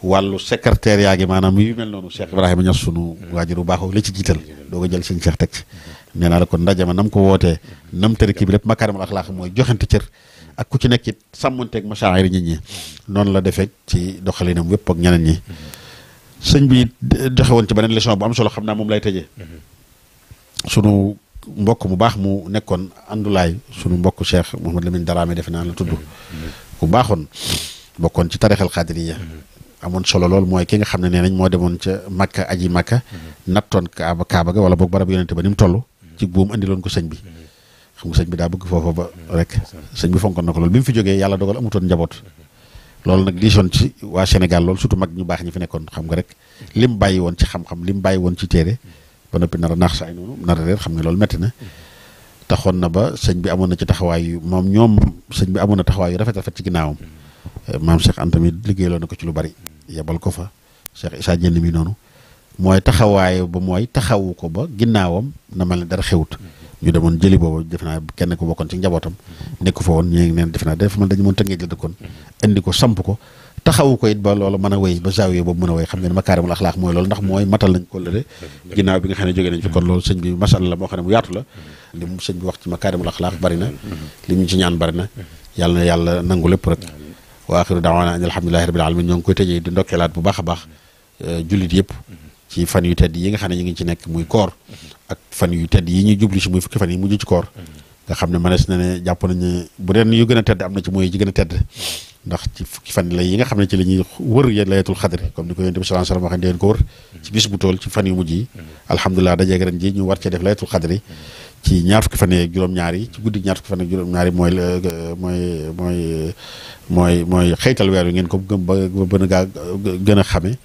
S3: wàllu secrétaire yaa ngi maanaam yu mel noonu Cheikh Ibrahima Niass sunu waajur bu baax la ci jiital doo ko jël sëñ Cheikh teg ci kon ndaje ma nam ko wootee nam tëriki bi lépp makaarimal axlaaq mooy joxante cër ak ku ci nekk it sàmmonteeg machaari nit ñi noonu la defee ci doxalinam wépp ak ñeneen ñi sëñ bi joxe woon ci beneen leçon bu am solo xam naa moom lay tëjee mbokk mu baax mu nekkoon àndulaay sunu mbokk Cheikh Mouhamad Lamine Daraame defe naa la tudd ku baaxoon bokkoon ci tarixal xaadiriya amoon solo lool mooy ki nga xam ne nee nañ moo demoon ca makka aji makka mhm. nattoon kaaba kaaba ga wala boog barab yonente ba ni mu toll mhm. ci buum indiloon ko sëñ bi mhm. xam nga sëñ bi daa bëgg foofa ba rek sëñ bi fonkoon na ko lool bi mu fi jógee yàlla dogal amutoon njaboot loolu nag diisoon ci waa Sénégal loolu surtout mag ñu baax ñi fi nekkoon xam nga rek lim bàyyi woon ci xam-xam lim bàyyi woon ci téere ba noppi nar a naax saay noonu nar xam nga loolu métti na taxoon na ba sëñ bi amoon na ci taxawaayu moom ñoom sëñ bi amoon na taxawaayu rafet rafet ci ginnaawam eh, maam Cheikh Anta mi liggéeyaloon na ko ci lu bari yebal ko fa Cheikh Issa Dieng mi noonu mooy taxawaayu ba mooy taxawu ko ba ginnaawam na mel ne dara xewut ñu demoon jëli boobu def naa kenn ku bokkoon ci njabootam nekku fa woon ñu ngi neen def naa def man dañu mën tëngee indi ko samp ko taxawu ko it ba loolu mën a wéy ba a wéy xam ngeen makaarimul axlaaq mooy loolu ndax mooy matal nañ ko lëre ginnaaw bi nga xam ne jógee nañ fi kon loolu sëñ bi masal la moo xam ne mu yaatu la li mu sëñ bi wax ci makaarimul axlaaq bari na li ñu ci ñaan bari na yàlla na yàlla nangu lépp rek wa axiru daawaana an alhamdulilahi rabbil alamin ñoo ngi koy tëjee di ndokkeelaat bu baax a baax euh, jullit yëpp ci fan yu tedd yi nga xam ne ñu ngi ci nekk muy koor ak fan yu tedd yi ñuy jublu si muy fukki fan yi mujj ci koor nga xam ne mënees na ne jàpp nañu bu deen yu gën a tedd am na ci mooy ci gën a tedd ndax ci fukki fan la yi nga xam ne ci la ñuy wër yéen layatul xadri comme ni ko yonent bi sallallahu wër ci bis bu tool ci fan yu mujj yi alhamdulilah dajeeg ren ji ñu war cee def layatul xadri ci ñaar fukki fan yeeg juróom-ñaar yi ci guddi ñaar fukki fan yeeg juróom-ñaar yi mooy mooy mooy mooy mooy xëytal weer ngeen ko gëm ba bën a gaa gën a xame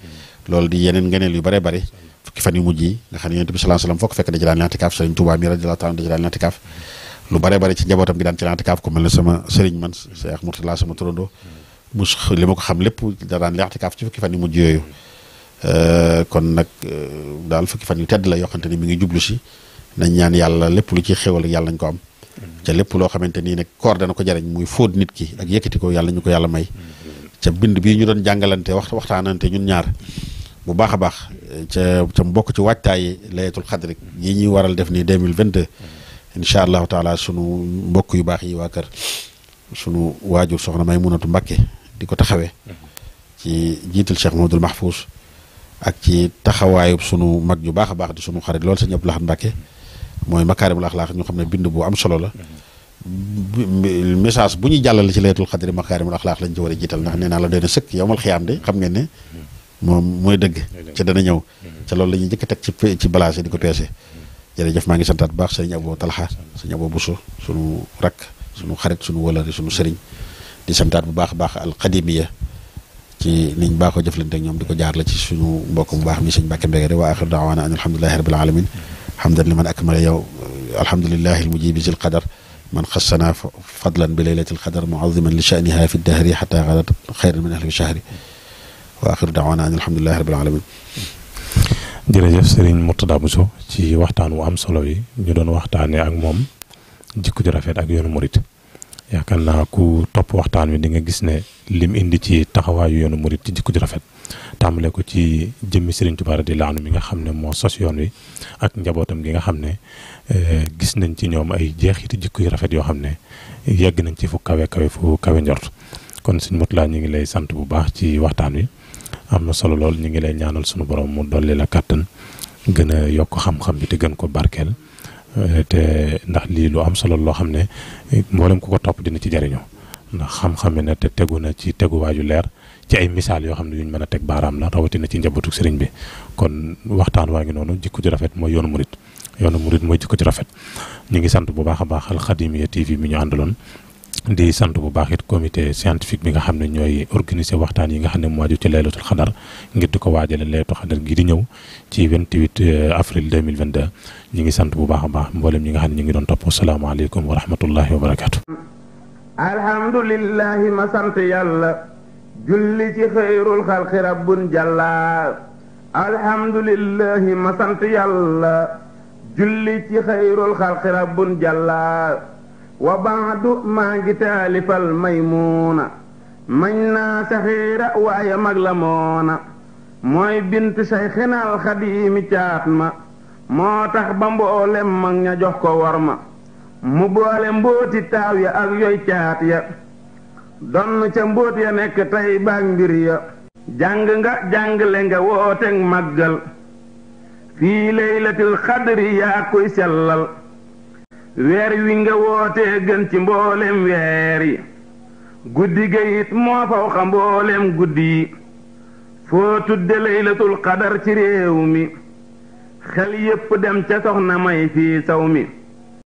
S3: loolu di yeneen ngeneel yu bare bare fukki fan yu mujj yi nga xam ne yonent bi sallallahu alayhi fekk da ci daan i'tikaaf Sëriñ Tuubaa mi radiyallahu ta'ala da ci daan i'tikaaf lu daan ci daan i'tikaaf ku mel ne sama sëriñ man Cheikh Mourtala sama turando mus li ma ko xam lépp da daan i'tikaaf ci fukki fan yu mujj yooyu euh, kon nag euh, daal fukki fan yu tedd la yoo xamante ni mi ngi jublu si nañ ñaan yàlla lépp lu ci xewal ak yàlla nañ ko am ca lépp loo xamante nii nag koor dana ko jariñ muy fóot nit ki ak yëkkati ko yàlla ñu ko yàlla may ca bind bi ñu doon jàngalante wax waxtaanante ñun ñaar bu baax a baax ca ca mbokk ci waajtaay layatul xadri yi ñuy waral def ni 2022 incha taala sunu mbokk yu baax yi waa kër sunu waajur soxna may munatu mbàkke di ko taxawee ci jiital cheikh mahmadul mahfous ak ci taxawaayub sunu mag yu baax a baax di sunu xarit sa sëñ la Lahad Mbàkke mooy makaarimul axlaax ñu xam ne bind bu am solo la message bu ñu jàllale ci laylatul xadri makaarimul axlaax lañ ci war a jiital ndax nee naa la doy na sëkk yowmal xiyaam de xam ngeen ne moom mooy dëgg ci dana ñëw ca loolu la ñuy njëkk teg ci ci balaas di ko peese jërëjëf maa ngi santaat bu baax sëriñ Abo Talxa sëriñ Abo Bousso sunu rakk sunu xarit sunu wëlëri sunu sëriñ di santaat bu baax a baax alxadimiya ci niñ baaxoo jëflante ak ñoom di ko jaar la ci suñu mbokk mu baax mi sëñ Mbàkke Mbegere waa axiru daawaana an alhamdulilahi rabil alamin حمدا لمن أكمل يوم الحمد لله المجيب ذي القدر من خصنا فضلا بليلة القدر معظما لشأنها في الدهر
S2: حتى غدت خير من أهل شهري وآخر دعوانا أن الحمد لله رب العالمين jërëjëf Serigne مرتضى بوسو ci waxtaan wu am solo yi ñu doon waxtaanee جيكو moom jikko ju rafet ak yaakaar naa ku topp waxtaan wi di nga gis ne lim indi ci taxawaayu yoonu murit ci jikko ju rafet tàmbale ko ci jëmmi Serigne Touba di laanu mi nga xam ne moo sos yoon wi ak njabootam gi nga xam ne eh, gis nañ ci ñoom ay jeexiti jikko yu rafet yoo xam ne yegg nañ ci fu kawe kawe fu kawe njort kon Serigne laa ñu ngi lay sant bu baax ci waxtaan wi am na solo lool ñu ngi lay ñaanal sunu borom mu dolli la kàttan gën a yokk xam-xam bi te gën ko barkeel. Euh, te ndax lii lu am solo loo xam ne mboolem ku ko topp dina ci jariñoo ndax xam-xame na te tegu na ci teguwaaju leer ci ay misaal yoo xam ne yuñ mën a teg baaraam la rawatina ci njabootu sëriñ bi kon waxtaan waa ngi noonu jikko ju rafet mooy yoonu murit yoonu murit mooy jikko ju rafet ñu ngi sant bu baax a baax Al Khadimiyyah TV mi ñu àndaloon di sant bu baax it comité scientifique bi nga xam ne ñooy organiser waxtaan yi nga xam ne mu waaju ci laylatul xadar ngir di ko waajale laylatul xadar gi di ñëw ci 28 avril 2022 ñi ngi sant bu baax a baax mboolem ñi nga xam ne ñu ngi doon topp salaamaaleykum wa rahmatullahi wa barakaatu
S1: alhamdulillahi ma sant yàlla julli ci xëyrul xalqi rabbun jàlla alhamdulillahi ma sant yàlla julli ci xëyrul xalqi rabbun jàlla wa baadu maa ngi taalifal maymuuna mañ naa saxiira waaye mag la moona mooy bint sayxina alxadiimi caat ma moo tax ba mboolem mag ña jox ko war ma mu boole mbóoti taaw ya ak yoy caat ya donn ca mbóot ya nekk tey baag mbir ya jàng nga jàngle nga wooteeg màggal fii laylatil xadri yaa koy sellal weer wi nga wootee gën ci mboolem weer yi guddi ga moo faw xa mboolem guddi yi foo tudde laylatul qadar ci réew mi xel yépp dem ca soxna may fii saw mi